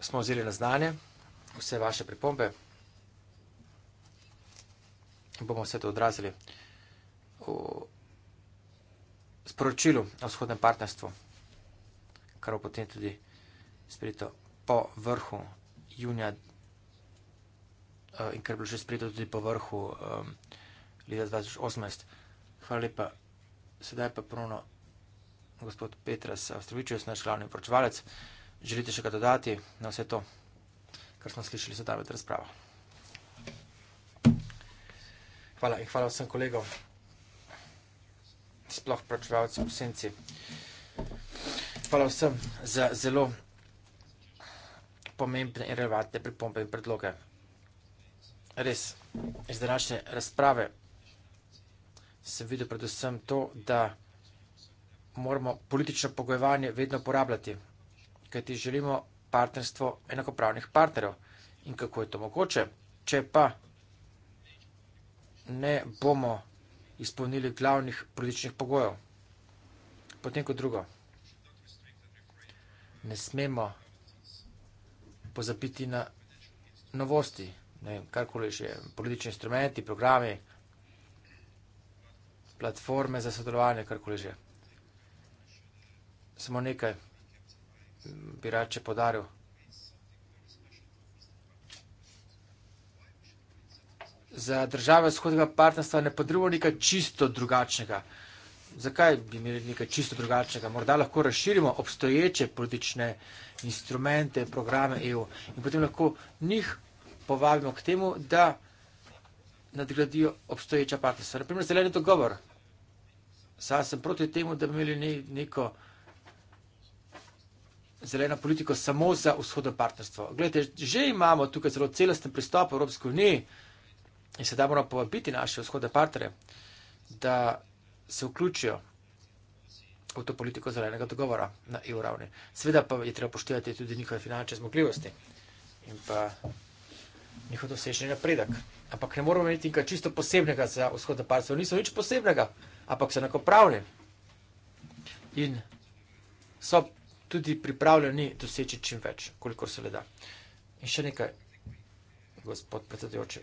S1: Smo vzeli na znanje vse vaše pripombe. Bomo vse to odrazili v sporočilu o vzhodnem partnerstvu, kar bo potem tudi sprejeto po vrhu junija eh, in kar bo še sprejeto tudi po vrhu um, leta 2018. Hvala lepa. Sedaj pa pruno gospod Petras Avstrovičev, naš glavni poročevalec. Želite še kaj dodati na vse to, kar smo slišali za David razpravo? Hvala in hvala vsem kolegom, sploh poročevalcem v senci. Hvala vsem za zelo pomembne in relevantne pripombe in predloge. Res, iz današnje razprave sem videl predvsem to, da moramo politično pogojevanje vedno uporabljati, kajti želimo partnerstvo enakopravnih partnerjev. In kako je to mogoče, če pa ne bomo izpolnili glavnih političnih pogojev? Potem kot drugo, ne smemo pozabiti na novosti, ne vem, karkoli že, politični instrumenti, programe platforme za sodelovanje, karkoli že. Samo nekaj bi rad če podaril. Za države vzhodnega partnerstva ne podrebujemo nekaj čisto drugačnega. Zakaj bi imeli nekaj čisto drugačnega? Morda lahko razširimo obstoječe politične instrumente, programe EU in potem lahko njih povabimo k temu, da nadgradijo obstoječa partnerstva. Naprimer, zeleni dogovor. Sam sem proti temu, da bi imeli ne, neko zeleno politiko samo za vzhodno partnerstvo. Glede, že imamo tukaj zelo celosten pristop Evropske unije in sedaj moramo povabiti naše vzhodne partnere, da se vključijo v to politiko zelenega dogovora na EU ravni. Sveda pa je treba poštevati tudi njihove finančne zmogljivosti in pa njihov dosežen napredek. Ampak ne moramo imeti nekaj čisto posebnega za vzhodne parce, niso nič posebnega, ampak so enakopravni. In so tudi pripravljeni doseči čim več, kolikor se le da. In še nekaj, gospod predsedujoči.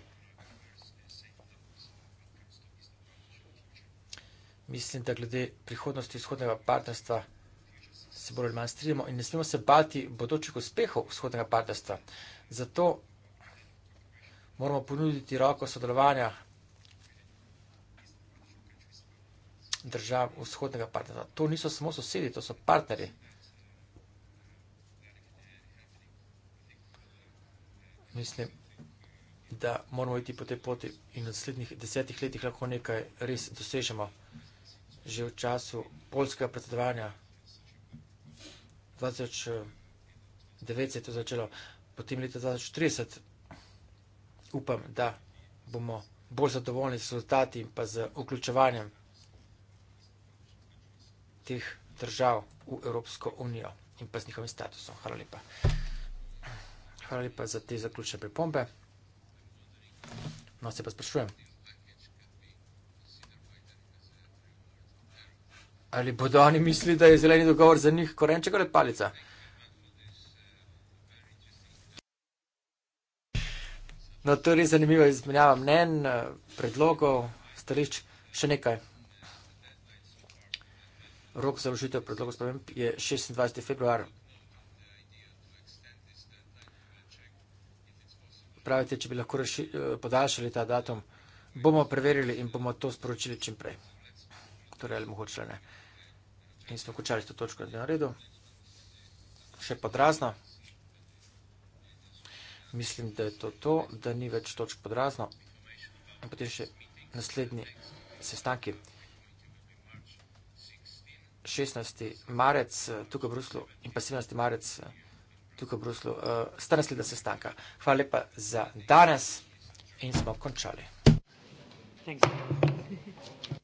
S1: Mislim, da glede prihodnosti vzhodnega partnerstva se bolj ali manj strinjamo in ne smemo se bati bodočih uspehov vzhodnega partnerstva. Zato moramo ponuditi roko sodelovanja držav vzhodnega partnerstva. To niso samo sosedi, to so partnerji. Mislim, da moramo iti po tej poti in v naslednjih desetih letih lahko nekaj res dosežemo. Že v času polskega predsedovanja 2009 se je to začelo, potem leta 2030 upam, da bomo bolj zadovoljni z rezultati in pa z vključevanjem teh držav v Evropsko unijo in pa z njihovim statusom. Hvala lepa. Hvala lepa za te zaključne pripombe. No, se pa sprašujem. Ali bodo oni mislili, da je zeleni dogovor za njih korenček ali palica? No, to je res zanimivo izmenjava mnen, eh, predlogov, stališč, še nekaj. Rok za vložitev predlogov sprememb je 26. februar. Pravite, če bi lahko reši, eh, podaljšali ta datum, bomo preverili in bomo to sporočili čim prej. Torej, ali mogoče ali ne. In smo končali to točko na dnevnem redu. Še podrazno. Mislim, da je to to, da ni več točk pod razno. In potem še naslednji sestanki. 16. marec eh, tukaj v Bruslu in pa 17. marec eh, tukaj v Bruslu. Eh, sta naslednja sestanka. Hvala lepa za danes in smo končali.
S3: Thanks.